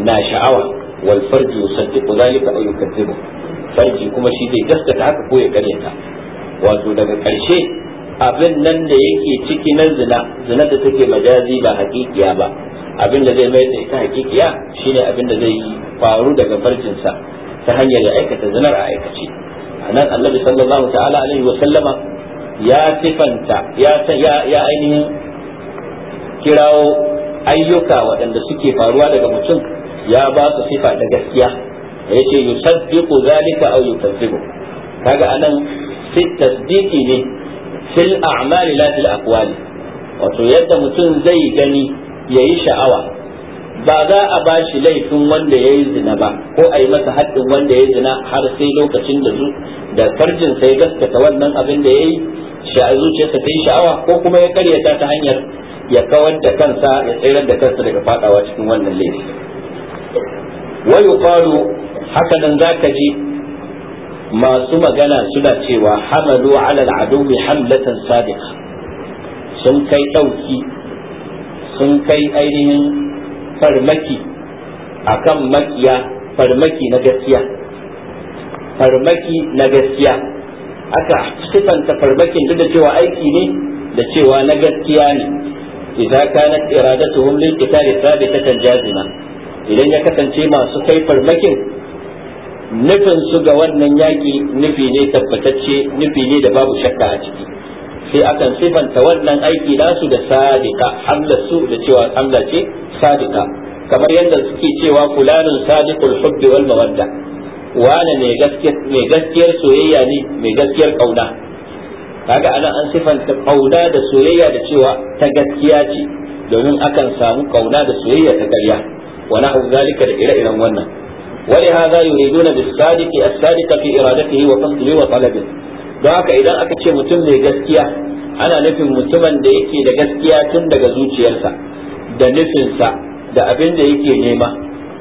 S1: na sha'awa wal farji yusaddiqu zalika aw yukazzibu farji kuma shi zai gaskata haka ko ya karyata wato daga karshe abin nan da yake ciki na zina zina da take majazi ba hakikiya ba abin da zai mai da ita hakikiya shine abin da zai faru daga farjinsa ta hanyar ya aikata zinar a aikace a nan annabi sallallahu ta'ala alaihi wa sallama ya sifanta ya ainihin kirawo ayyuka waɗanda suke faruwa daga mutum ya ba su sifa da gaskiya ya ce yusaddiqu zalika aw yukazzibu kaga anan fit tasdiki ne fil a'mali la fil aqwali wato yadda mutum zai gani yayi sha'awa ba za a ba shi laifin wanda ya yi zina ba ko a yi masa haɗɗin wanda ya yi zina har sai lokacin da zu da farjin sai gaskata wannan abin da ya yi zuciyarsa ta yi sha'awa ko kuma ya karyata ta hanyar ya kawar da kansa ya tsirar da kansa daga fadawa cikin wannan laifi wayo faru haka nan za ka ji masu magana suna cewa hamalu alal aduwi hamlatan sadiqa sun kai ɗauki sun kai ainihin farmaki a kan makiya farmaki na gaskiya farmaki na gaskiya aka sifanta farmakin duk da cewa aiki ne da cewa na gaskiya ne idan kanat iradatuhum lil qitali thabitatan jazima idan ya kasance masu kai farmakin nufin su ga wannan yaki nufi ne tabbatacce nufi ne da babu shakka a ciki sai akan sifanta wannan aiki nasu da sadiqa hamla su da cewa hamla ce sadiqa kamar yadda suke cewa fulanun sadiqul hubbi wal mawadda wane mai gaskiyar mai gaskiyar soyayya ne mai gaskiyar kauna kaga ana an sifanta kauna da soyayya da cewa ta gaskiya ce domin akan samu kauna da soyayya ta ƙarya wa nahu zalika da ire-iren wannan ولهذا يريدون بالصادق الصادق wa إرادته wa وطلبه don haka idan aka ce mutum mai gaskiya ana nufin mutumin da yake da gaskiya tun daga zuciyarsa da nufinsa da abin da yake nema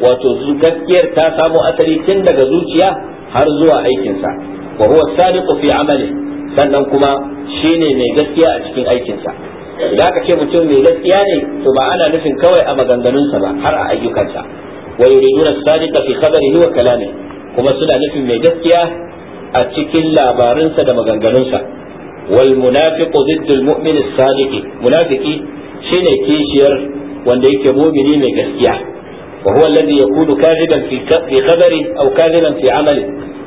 S1: wato gaskiyar ta samo asali tun daga zuciya har zuwa aikinsa wa huwa sadiqu fi amali sannan kuma shine mai gaskiya a cikin aikinsa idan aka ce mutum mai gaskiya ne to ba ana nufin kawai a maganganunsa ba har a ayyukansa wa yuriduna sadiqa fi khabarihi wa kalami kuma suna nufin mai gaskiya a cikin labarinsa da maganganunsa wal munafiqu ziddul mu'min as-sadiqi munafiki shine kishiyar wanda yake mu'mini mai gaskiya wa huwa alladhi yakunu kadhiban fi fi khabari aw fi amali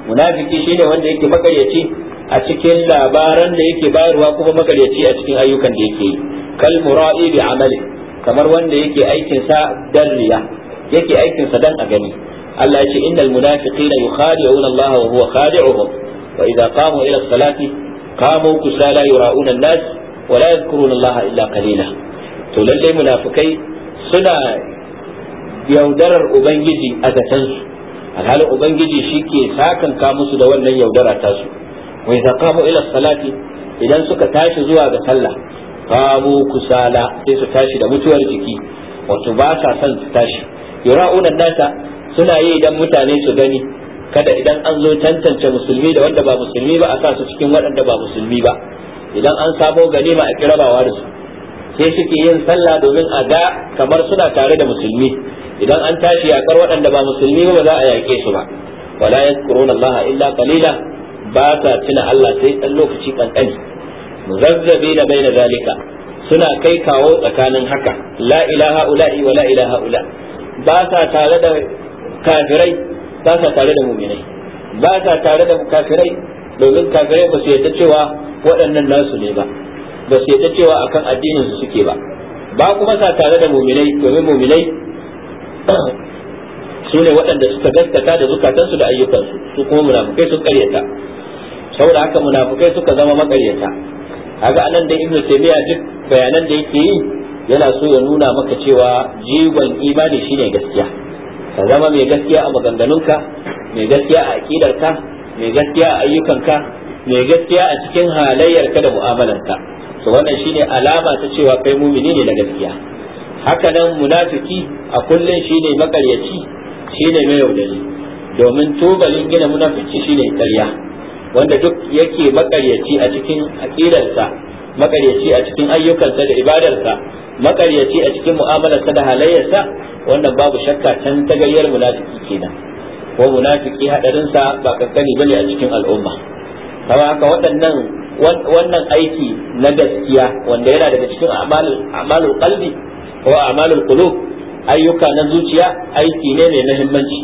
S1: munafiki shine wanda yake makaryaci a cikin labaran da yake bayarwa kuma makaryaci a cikin ayyukan da yake yi kal mura'i bi amali kamar wanda yake aikinsa dan riya yake aikinsa dan a gani Allah ya ce innal munafiqina yukhadi'una Allah wa huwa khadi'uhum wa idza qamu ila salati qamu kusala yura'una an-nas wa la yadhkuruna Allah illa qalila to lalle munafikai suna yaudarar ubangiji a su. alhalin ubangiji shi ke sakanka musu da wannan yaudara su. wa idza qamu ila salati idan suka tashi zuwa ga sallah qamu kusala sai su tashi da mutuwar jiki wato ba sa son su tashi yura'una nasa suna yi idan mutane su gani kada idan an zo tantance musulmi da wanda ba musulmi ba a sa su cikin waɗanda ba musulmi ba idan an samo ganima a kirabawa da su sai suke yin sallah domin a ga kamar suna tare da musulmi idan an tashi yakar waɗanda ba musulmi ba za a yaƙe su ba wala yadhkuruna Allah illa qalila ba sa tuna Allah sai dan lokaci kankani muzazzabina baina zalika suna kai kawo tsakanin haka la ilaha ula'i wa ilaha ula ba sa tare da kafirai ba sa tare da muminai ba sa tare da kafirai domin kafirai ba su yadda cewa waɗannan nasu ne ba ba su yadda cewa akan addinin su suke ba ba kuma sa tare da muminai domin muminai <clears throat> su ne waɗanda suka gaskata da zukatansu da ayyukansu su kuma munafukai sun karyata saboda haka munafukai suka zama makaryata haka anan da ibnu taymiya duk bayanan da yake yi yana so ya nuna maka cewa jigon imani shine gaskiya ka zama mai gaskiya a maganganunka mai gaskiya a aƙidarka, mai gaskiya a ayyukanka mai gaskiya a cikin halayyarka da mu'amalarka to wannan shine alama ta cewa kai mumini ne na gaskiya haka nan munafiki a kullun shine makaryaci shine mai yaudari domin tubalin gina munafici shine ƙarya wanda duk yake makaryaci a cikin aqidarsa makaryaci a cikin ayyukansa da ibadarsa makaryaci a cikin mu'amalarsa da halayyarsa wannan babu shakka can ta tagaryar munafiki kenan ko munafiki hadarinsa ba kankani bane a cikin al'umma kama haka waɗannan wannan aiki na gaskiya wanda yana daga cikin amalul qalbi ko amalul qulub ayyuka na zuciya aiki ne mai muhimmanci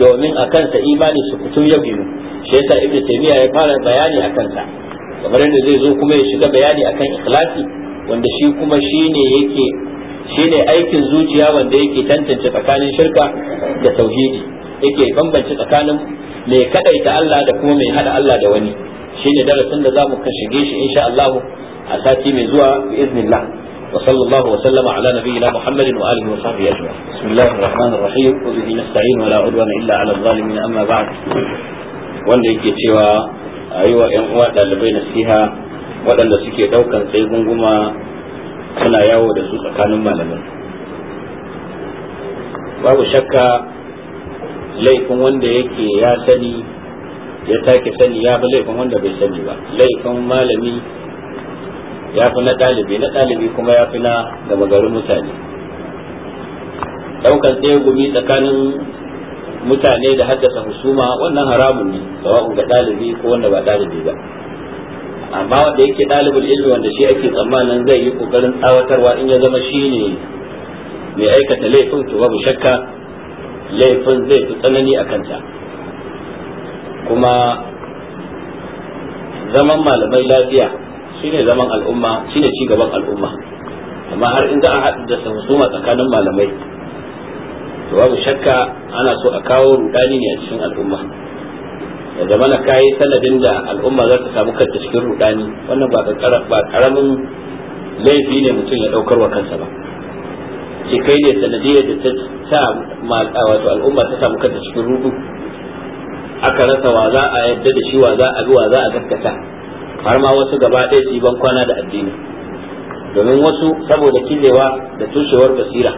S1: domin a kansa imani su kutum yau biyu shi yasa ibnu taymiya ya fara bayani a kansa kamar yadda zai zo kuma ya shiga bayani akan ikhlasi wanda shi kuma shine yake shine aikin zuciya wanda yake tantance tsakanin shirka da tauhidi yake bambance tsakanin mai kadaita Allah da kuma mai hada Allah da wani shine darasin da zamu ka shige shi insha Allah a sati mai zuwa bi iznillah wa sallallahu wa sallama ala nabiyyina Muhammadin wa alihi wa sahbihi ajma'in bismillahir rahmanir rahim wa bihi nasta'in wa la udwana illa ala zalimin amma ba'd wanda yake cewa a 'yan uwa ɗalibai nasiha waɗanda suke ɗaukan sai gunguma suna yawo da su tsakanin malamai babu shakka laifin wanda yake ya sani ya take sani ya fi laifin wanda bai sani ba laifin malami ya fi na ɗalibi na ɗalibi kuma ya fi na gama garin mutane ɗaukan tsegumi tsakanin mutane da haddasa husuma wannan haramun ne sawa'un ga ɗalibi ko wanda ba ɗalibi ba amma wanda yake ɗalibul ilmi wanda shi ake tsammanin zai yi kokarin tsawatarwa in ya zama shi ne mai aikata laifin to babu shakka laifin zai fi tsanani a kanta kuma zaman malamai lafiya shine zaman al'umma shine cigaban al'umma amma har in za a haɗu da husuma tsakanin malamai to babu shakka ana so a kawo rudani ne a cikin al'umma da zamana kayi sanadin da al'umma za ta samu kanta cikin rudani wannan ba karamin laifi ne mutum ya daukar wa kansa ba ce kai ne sanadiyar da ta sa wato al'umma ta samu kanta cikin rudu aka rasa wa za a yadda da shi wa za a bi wa za a gaskata har ma wasu gaba ɗaya su ban kwana da addini domin wasu saboda killewa da tushewar basira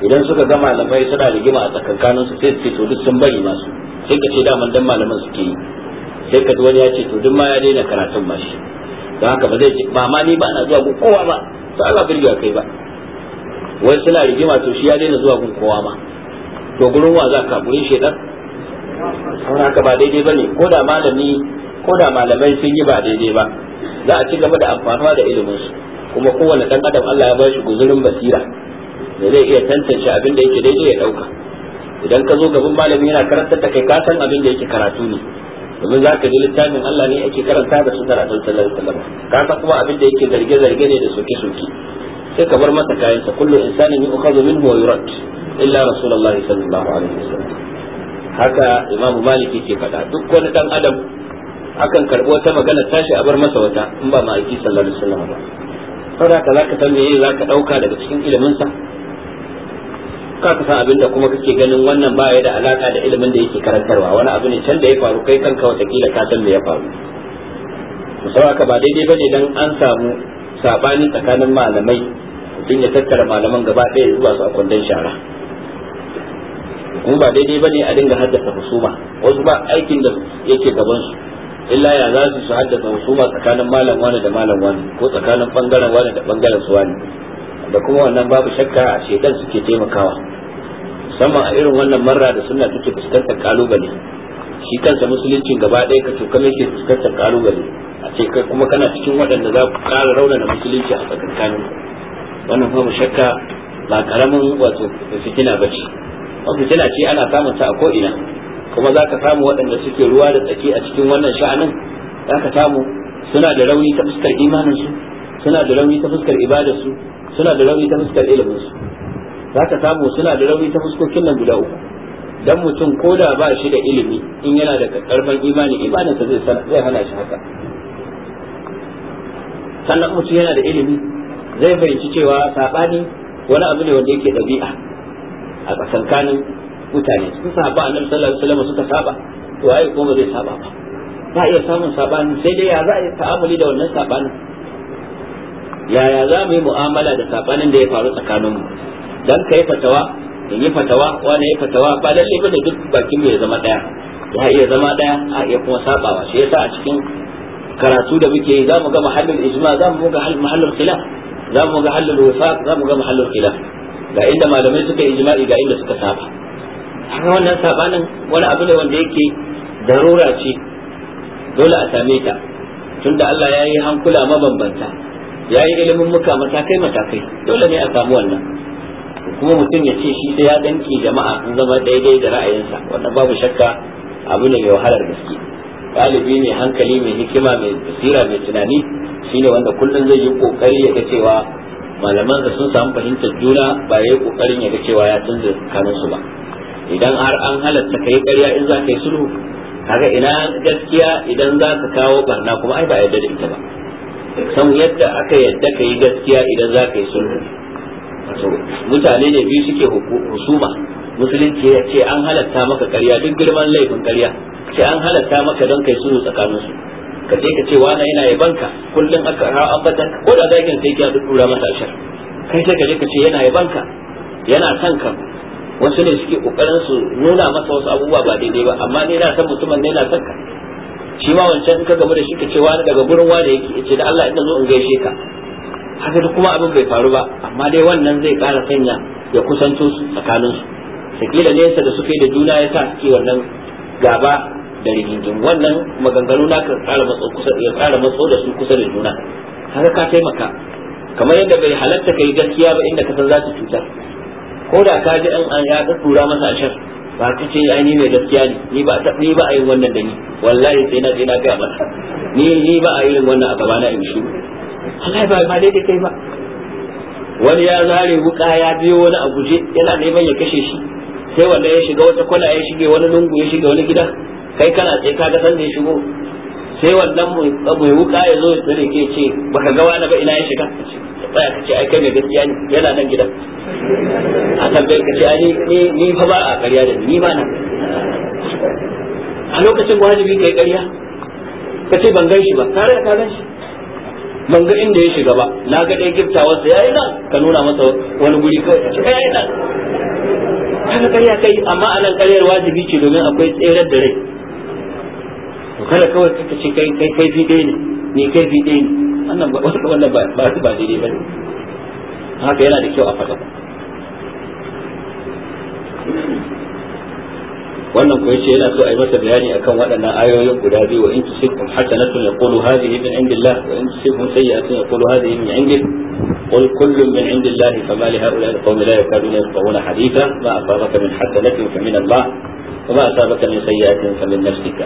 S1: idan suka ga malamai suna rigima a tsakankanin su sai su ce to duk sun bari masu sai ka ce daman dan malaman suke yi sai ka wani ya ce to duk ma ya daina karatun ma shi don haka ba zai ce ba ma ni ba na zuwa gun kowa ba to Allah birgiwa kai ba wai suna rigima to shi ya daina zuwa gun kowa ma to gurin wa za ka gurin shedan don haka ba daidai bane ko da malami ko da malamai sun yi ba daidai ba za a ci gaba da amfanuwa da ilimin su kuma kowane dan adam Allah ya ba shi guzurin basira da zai iya tantance abin da yake daidai ya dauka idan ka zo gaban malami yana karantar ta kai ka san abin da yake karatu ne domin za ka ji littafin Allah ne ake karanta da su karatun sallallahu alaihi wasallam ka san kuma abin da yake zarge zarge ne da soke soke sai ka bar masa kayan sa kullu insanin yu'khadhu minhu wa yurad illa rasulullah sallallahu alaihi wasallam haka imam maliki ke faɗa duk wani dan adam akan karɓi wata magana tashi a bar masa wata in ba ma'aiki sallallahu alaihi wasallam ba saboda ka zaka san me zaka dauka daga cikin ilimin sa ka ka abin da kuma kake ganin wannan ba ya da alaka da ilimin da yake karantarwa wani abu ne can da ya faru kai kanka watakila ka san me ya faru musamman ka ba daidai bane dan an samu sabani tsakanin malamai mutum ya tattara malaman gaba ɗaya zuwa su a kwandon shara kuma ba daidai bane a dinga haddasa husuma wasu ba aikin da yake gaban su illa ya za su haddasa husuma tsakanin malam wani da malam wani ko tsakanin bangaren wani da bangaren su wani da kuma wannan babu shakka a shedan suke taimakawa musamman a irin wannan marra da suna take fuskantar kalubale shi kansa musuluncin gaba ɗaya ka mai ke fuskantar kalubale a ce kai kuma kana cikin waɗanda za ku ƙara raunana musulunci a tsakankanin wannan babu shakka ba karamin wato fitina ba ce fitina ce ana samun ta a ko'ina kuma za ka samu waɗanda suke ruwa da tsaki a cikin wannan sha'anin za ka samu suna da rauni ta fuskar imaninsu suna da rauni ta fuskar ibadarsu suna da rauni ta fuskar iliminsu za ka samu suna da rauni ta fuskokin nan guda uku dan mutum ko da ba shi da ilimi in yana da karfan imani imaninsa zai zai hana shi haka sannan mutum yana da ilimi zai fahimci cewa sabani wani abu ne wanda yake dabi'a a tsakankanin mutane su saba annabi sallallahu alaihi wasallam suka saba to ai ko ba zai saba ba za a iya samun sabani sai dai ya za a yi ta'amuli da wannan sabanin yaya za mu yi mu'amala da sabanin da ya faru tsakanin mu dan kai fatawa in yi fatawa wani ya fatawa ba lalle bane duk bakin mu ya zama daya ya iya zama daya a iya kuma sabawa shi yasa a cikin karatu da muke yi za mu ga mahallin ijma za mu ga mahallin khilaf za mu ga halul wifaq za mu ga mahallin khilaf ga inda malamai suka ijma'i ga inda suka saba haka wannan sabanin wani abu ne wanda yake darura ce dole a same ta tunda Allah ya yi hankula mabambanta ya yi ilimin muka matakai matakai dole ne a samu wannan kuma mutum ya ce shi sai ya danki jama'a sun zama daidai da ra'ayinsa wannan babu shakka abu ne mai wahalar gaske ɗalibi mai hankali mai hikima mai basira mai tunani shine wanda kullum zai yi kokari ya ga cewa malamansa sun samu fahimtar juna ba ya yi kokarin ya ga cewa ya canza su ba idan har an halatta kai ƙarya in za ka yi sulhu kaga ina gaskiya idan za ka kawo barna kuma ai ba yadda da ita ba san yadda aka yadda ka yi gaskiya idan za ka yi sulhu mutane ne biyu suke husuma musulunci ya ce an halatta maka karya duk girman laifin karya ce an halatta maka don kai sulhu tsakanin su ka je ka ce wani yana yi banka? kullum aka ambata ko da zakin sai ki duk dura masa ashar kai sai ka je ka ce yana yi banka? yana son ka wasu ne suke kokarin su nuna masa wasu abubuwa ba daidai ba amma ne na san mutumin ne na son ka shi ma wancan in ka gamu da shi ka ce wani daga gurin wani yake ya ce da Allah ina zo in gaishe ka haka kuma abin bai faru ba amma dai wannan zai ƙara sanya ya kusanto su tsakanin su sakila nesa da suke da juna ya sa suke wannan gaba da rigingin wannan maganganu na ka tsara matso kusa ya tsara matso da su kusa da juna haka ka taimaka kamar yadda bai halatta kai gaskiya ba inda ka san za ta cutar ko da ka ji an ya tura masa a ashar ba su ce ai ni mai gaskiya ne ni ba ta ni ba a yi wannan da ni wallahi sai na je na ga masa ni ni ba a yi wannan a gaba na in shi wallahi ba ba dai kai ba wani ya zare wuka ya biyo wani a guje yana neman ya kashe shi sai wanda ya shiga wata kwana ya shige wani lungu ya shiga wani gida kai kana tsaye ka san da ya shigo sai wannan mai wuka ya zo ya tsare ke ce baka ga wani ba ina ya shiga tsaya ya ce ai kai mai gaskiya ne yana nan gidan a bai ka ce ai ni fa ba a ƙarya da ni ba nan a lokacin wajibi kai ƙarya ka ce ban gan shi ba ka da ka gan shi ban ga inda ya shiga ba na ga dai gifta ya yayi nan ka nuna masa wani guri kawai ka ce kai nan kana ƙarya kai amma anan ƙaryar wajibi ce domin akwai tsere da rai to kada kawai ka ce kai kai kai fi ne ni kai fi ne wannan ba wannan ba ba ba daidai bane haka yana da kyau a faɗa wannan ko yace yana so a yi masa bayani akan waɗannan ayoyin guda biyu wa in tusikum hasanatun yaqulu hadhihi min indillah wa in tusikum sayyi'atun yaqulu hadhihi min indih قل كل من عند الله فما لهؤلاء القوم لا يكادون يفقهون حديثا ما أصابك من حسنة فمن الله وما أصابك من سيئة فمن نفسك.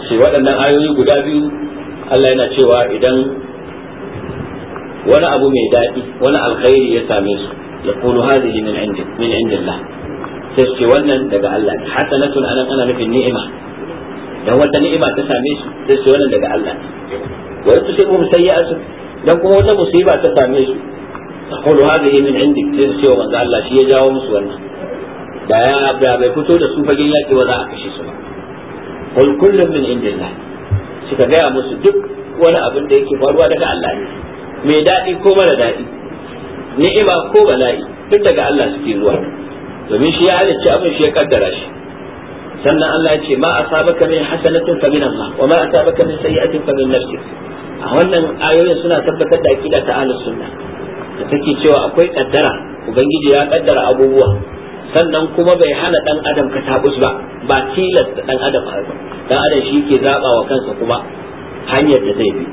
S1: الشيء وأن آية guda biyu. Allah yana cewa idan wani abu mai daɗi wani alkhairi ya same su ya kulu hadhihi min indi min indillah sai su ce wannan daga Allah ne hasanatun anan ana nufin ni'ima dan wata ni'ima ta same su sai su ce wannan daga Allah ne wa tusibu sayyi'atu dan kuma wata musiba ta same su Ya تقول هذه min indi sai wa manzo Allah shi ya jawo musu wannan da ya bai fito da su fagen yaki wa za a kashe su ba qul kullun min indillah suka gaya musu duk wani abin da yake faruwa daga Allah ne mai daɗi ko mara daɗi ni'ima ko bala'i duk daga Allah suke zuwa domin shi ya halicci abin shi ya kaddara shi sannan Allah ya ce ma asabaka min hasanatin fa min Allah wa ma asabaka min sayyi'atin fa min nafsik a wannan ayoyin suna tabbatar da aqida ta ahlus sunna da take cewa akwai kaddara ubangiji ya kaddara abubuwa sannan kuma bai hana dan adam ka tabus ba ba tilasta dan adam ba dan adam shi ke zaba wa kansa kuma hanyar da zai bi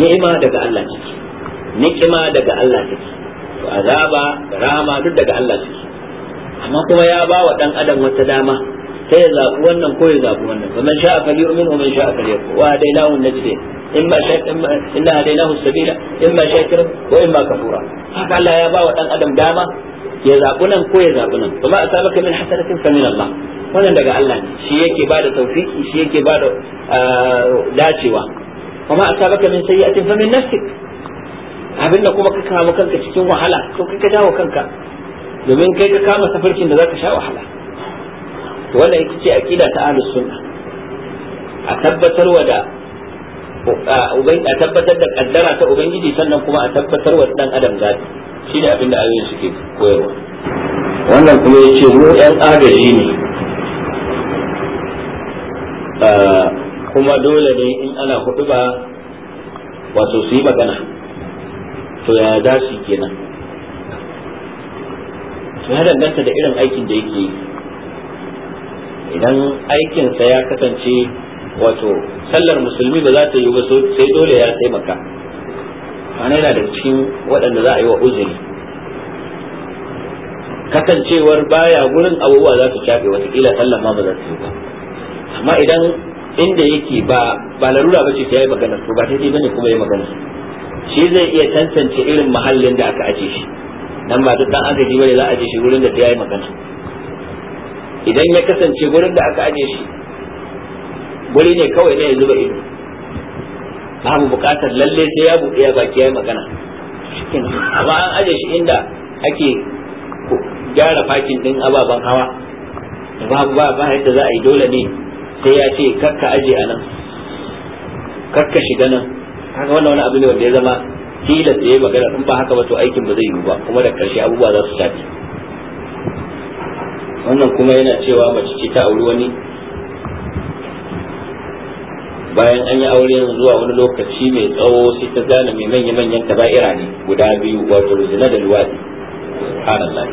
S1: ni'ima daga Allah take ni'ima daga Allah take to azaba rama duk daga Allah take amma kuma ya ba wa dan adam wata dama sai ya zabi wannan ko ya zabi wannan fa man sha'a falyu'min wa man sha'a falyakfur wa na najdi imma shakir inna hadaynahu sabila imma shakira wa imma kafura haka Allah ya ba wa dan adam dama ya zaɓi nan ko ya zaɓi nan kuma a sabaka min hasanatin fa min Allah wannan daga Allah ne shi yake ba da tawfiki shi yake ba da ah, dacewa kuma a sabaka min ya fa min nafsik abinda kuma ka kama kanka cikin wahala to kai ka dawo kanka domin kai ka kama safarkin da zaka sha wahala to wannan ita ce aqida ta ahlus sunna a tabbatar wa da ah, a tabbatar da kaddara ta ubangiji sannan kuma a tabbatar wa dan adam zai shi ne abin da ayoyin suke koyarwa wannan kuma ya ce mu yan agaji ne kuma dole ne in ana hudu ba wato su yi magana to ya za su kenan su ya danganta da irin aikin da yake idan aikinsa ya kasance wato sallar musulmi ba za ta yi ba sai dole ya taimaka ana yana da cikin waɗanda za a yi wa uzuri kasancewar baya gurin abubuwa za su shafe watakila sallan ma ba za su yi ba amma idan inda yake ba ba larura ba ce ta yi magana ko ba ta yi bane kuma yi magana shi zai iya tantance irin mahallin da aka aje shi nan ba duk dan aka ji bane za a aje shi gurin da ta yi magana idan ya kasance gurin da aka aje shi guri ne kawai ne ya zuba ido babu bukatar lalle sai ya buɗe ya baki ya yi magana amma an aje shi inda ake gyara fakin din ababen hawa babu ba ba yadda za a yi dole ne sai ya ce kakka aje a nan kakka shiga nan haka wannan wani abu ne wanda ya zama tilas ya yi magana in ba haka ba to aikin ba zai yiwu ba kuma da karshe abubuwa za su tafi. wannan kuma yana cewa mace ce ta auri wani bayan an yi auren zuwa wani lokaci mai tsawo sai ta gane mai manya-manyan kaba'ira ne guda biyu wato zina da luwadi subhanallah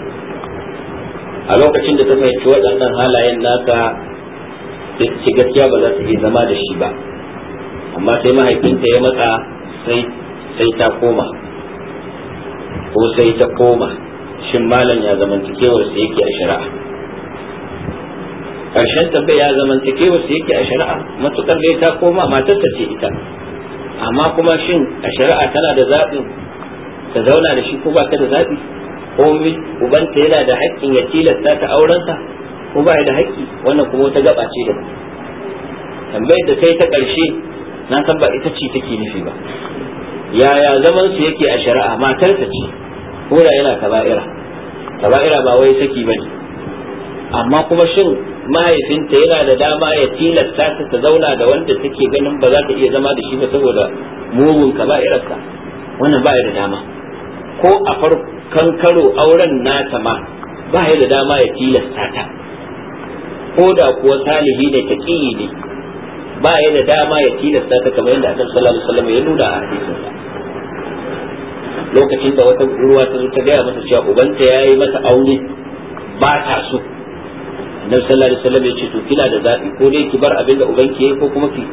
S1: a lokacin da ta fahimci waɗannan halayen nata da ta ce gaskiya ba za ta iya zama da shi ba amma sai mahaifinta ya matsa sai ta koma ko sai ta koma shin malam ya kewar sa yake a shari'a karshen tambaya ya take su yake a shari'a matukar dai ta koma matar ta ce ita amma kuma shin a shari'a tana da zaɓi ta zauna da shi ko ba ta da zaɓi ko ubanta yana da haƙƙin ya tilasta ta aurensa ko ba da haƙƙi wannan kuma wata gaba ce da tambayar da kai ta ƙarshe na san ba ita ce take nufi ba yaya zaman su yake a shari'a matar ta ce ko da yana kaba'ira kaba'ira ba wai saki bane amma kuma shin mahaifinta yana da dama ya tilasta ta ta zauna da wanda take ganin ba za ta iya zama da shi ba saboda mugun kaba'irarsa wannan ba ya da dama ko a farkon karo auren nata ma ba ya da dama ya tilasta ta ko da kuwa salihi ne ta ƙi ne ba ya da dama ya tilasta ta kamar yadda annabi sallallahu alaihi ya nuna a hadisinsa lokacin da wata ruwa ta zo ta gaya masa cewa ubanta ya yi masa aure ba ta so annabi sallallahu alaihi wasallam ya ce to kina da zabi ko dai ki bar abin da ubanki yayi ko kuma ki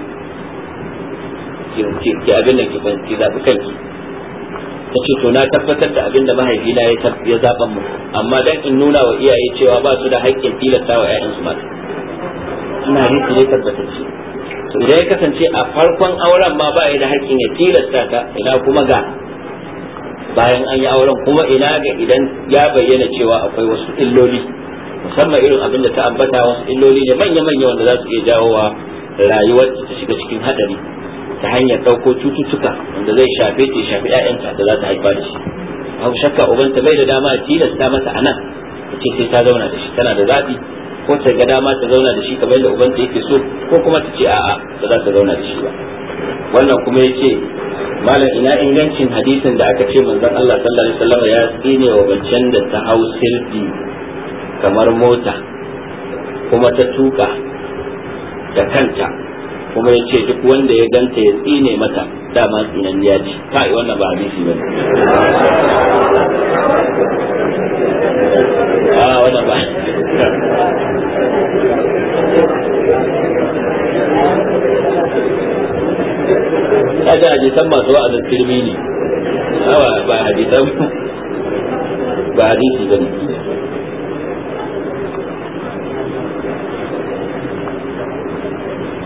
S1: ki ki abin da ki ki zabi kanki ta ce to na tabbatar da abin da mahaifina ya zaban mu amma dan in nuna wa iyaye cewa ba su da haƙƙin tilasta wa su mata ina riƙi ne tabbatacce to idan ya kasance a farkon auren ma ba ya da haƙƙin ya tilasta ka. ina kuma ga bayan an yi auren kuma ina ga idan ya bayyana cewa akwai wasu illoli musamman irin abin da ta ambata wasu illoli ne manya-manya wanda za su iya jawowa rayuwar ta shiga cikin hadari ta hanyar ɗauko cututtuka wanda zai shafe ta shafi 'ya'yanta da za ta haifa da shi babu shakka ubanta bai da dama a tilasta mata a nan ta ce sai ta zauna da shi tana da zaɓi ko ta ga dama ta zauna da shi kamar yadda ubanta yake so ko kuma ta ce a'a ba za ta zauna da shi ba wannan kuma ya ce malam ina ingancin hadisin da aka ce manzon Allah sallallahu alaihi wasallam ya tsine wa baccen da ta hau silbi kamar mota kuma ta tuka da kanta kuma ya ce duk wanda ya ganta ya tsine mata dama tsinan ya ce kai wannan ba hadisi ba <laughs> a ah, wannan ba ta ji hadisan masu wa'azin firmi ne ah, ba hadisan ba hadisi ba ne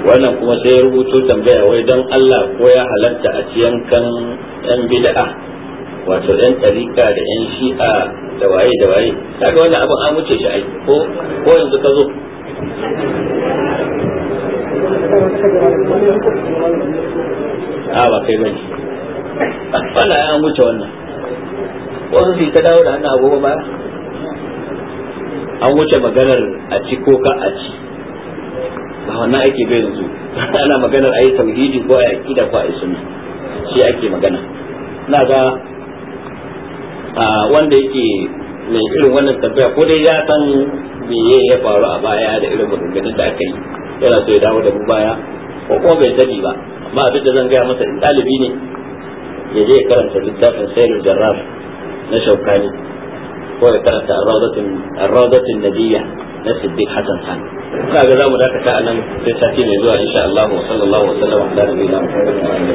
S1: wannan kuma sai rubuto tambaya wai don Allah ko ya halatta a ciyan kan yan bid'a wato yan tarika da yan shi'a da waye da waye kaga wannan abu an wuce shi ai ko ko yanzu ka zo a ah, ba kai bane wannan an wuce wannan wasu su ta dawo da hannu abubuwa ba an wuce maganar a ci ko ka a ci ba wannan ake bai yanzu <laughs> ana maganar ayi tauhidi ko ayi akida ko ayi sunna shi ake magana na ga wanda yake mai irin wannan tambaya ko dai ya san meye ya faru a baya da irin maganganun da aka yi yana so ya dawo da mu baya ko kuma bai sani ba amma abin da zan gaya masa in ɗalibi ne ya je ya karanta littafin sayyidul jarrar na shaukani kawai karanta arraudatun nabiya na siddiq hasan san ina ga zamu dakata a nan sai sati mai zuwa insha Allah wa
S2: sallallahu alaihi wa sallam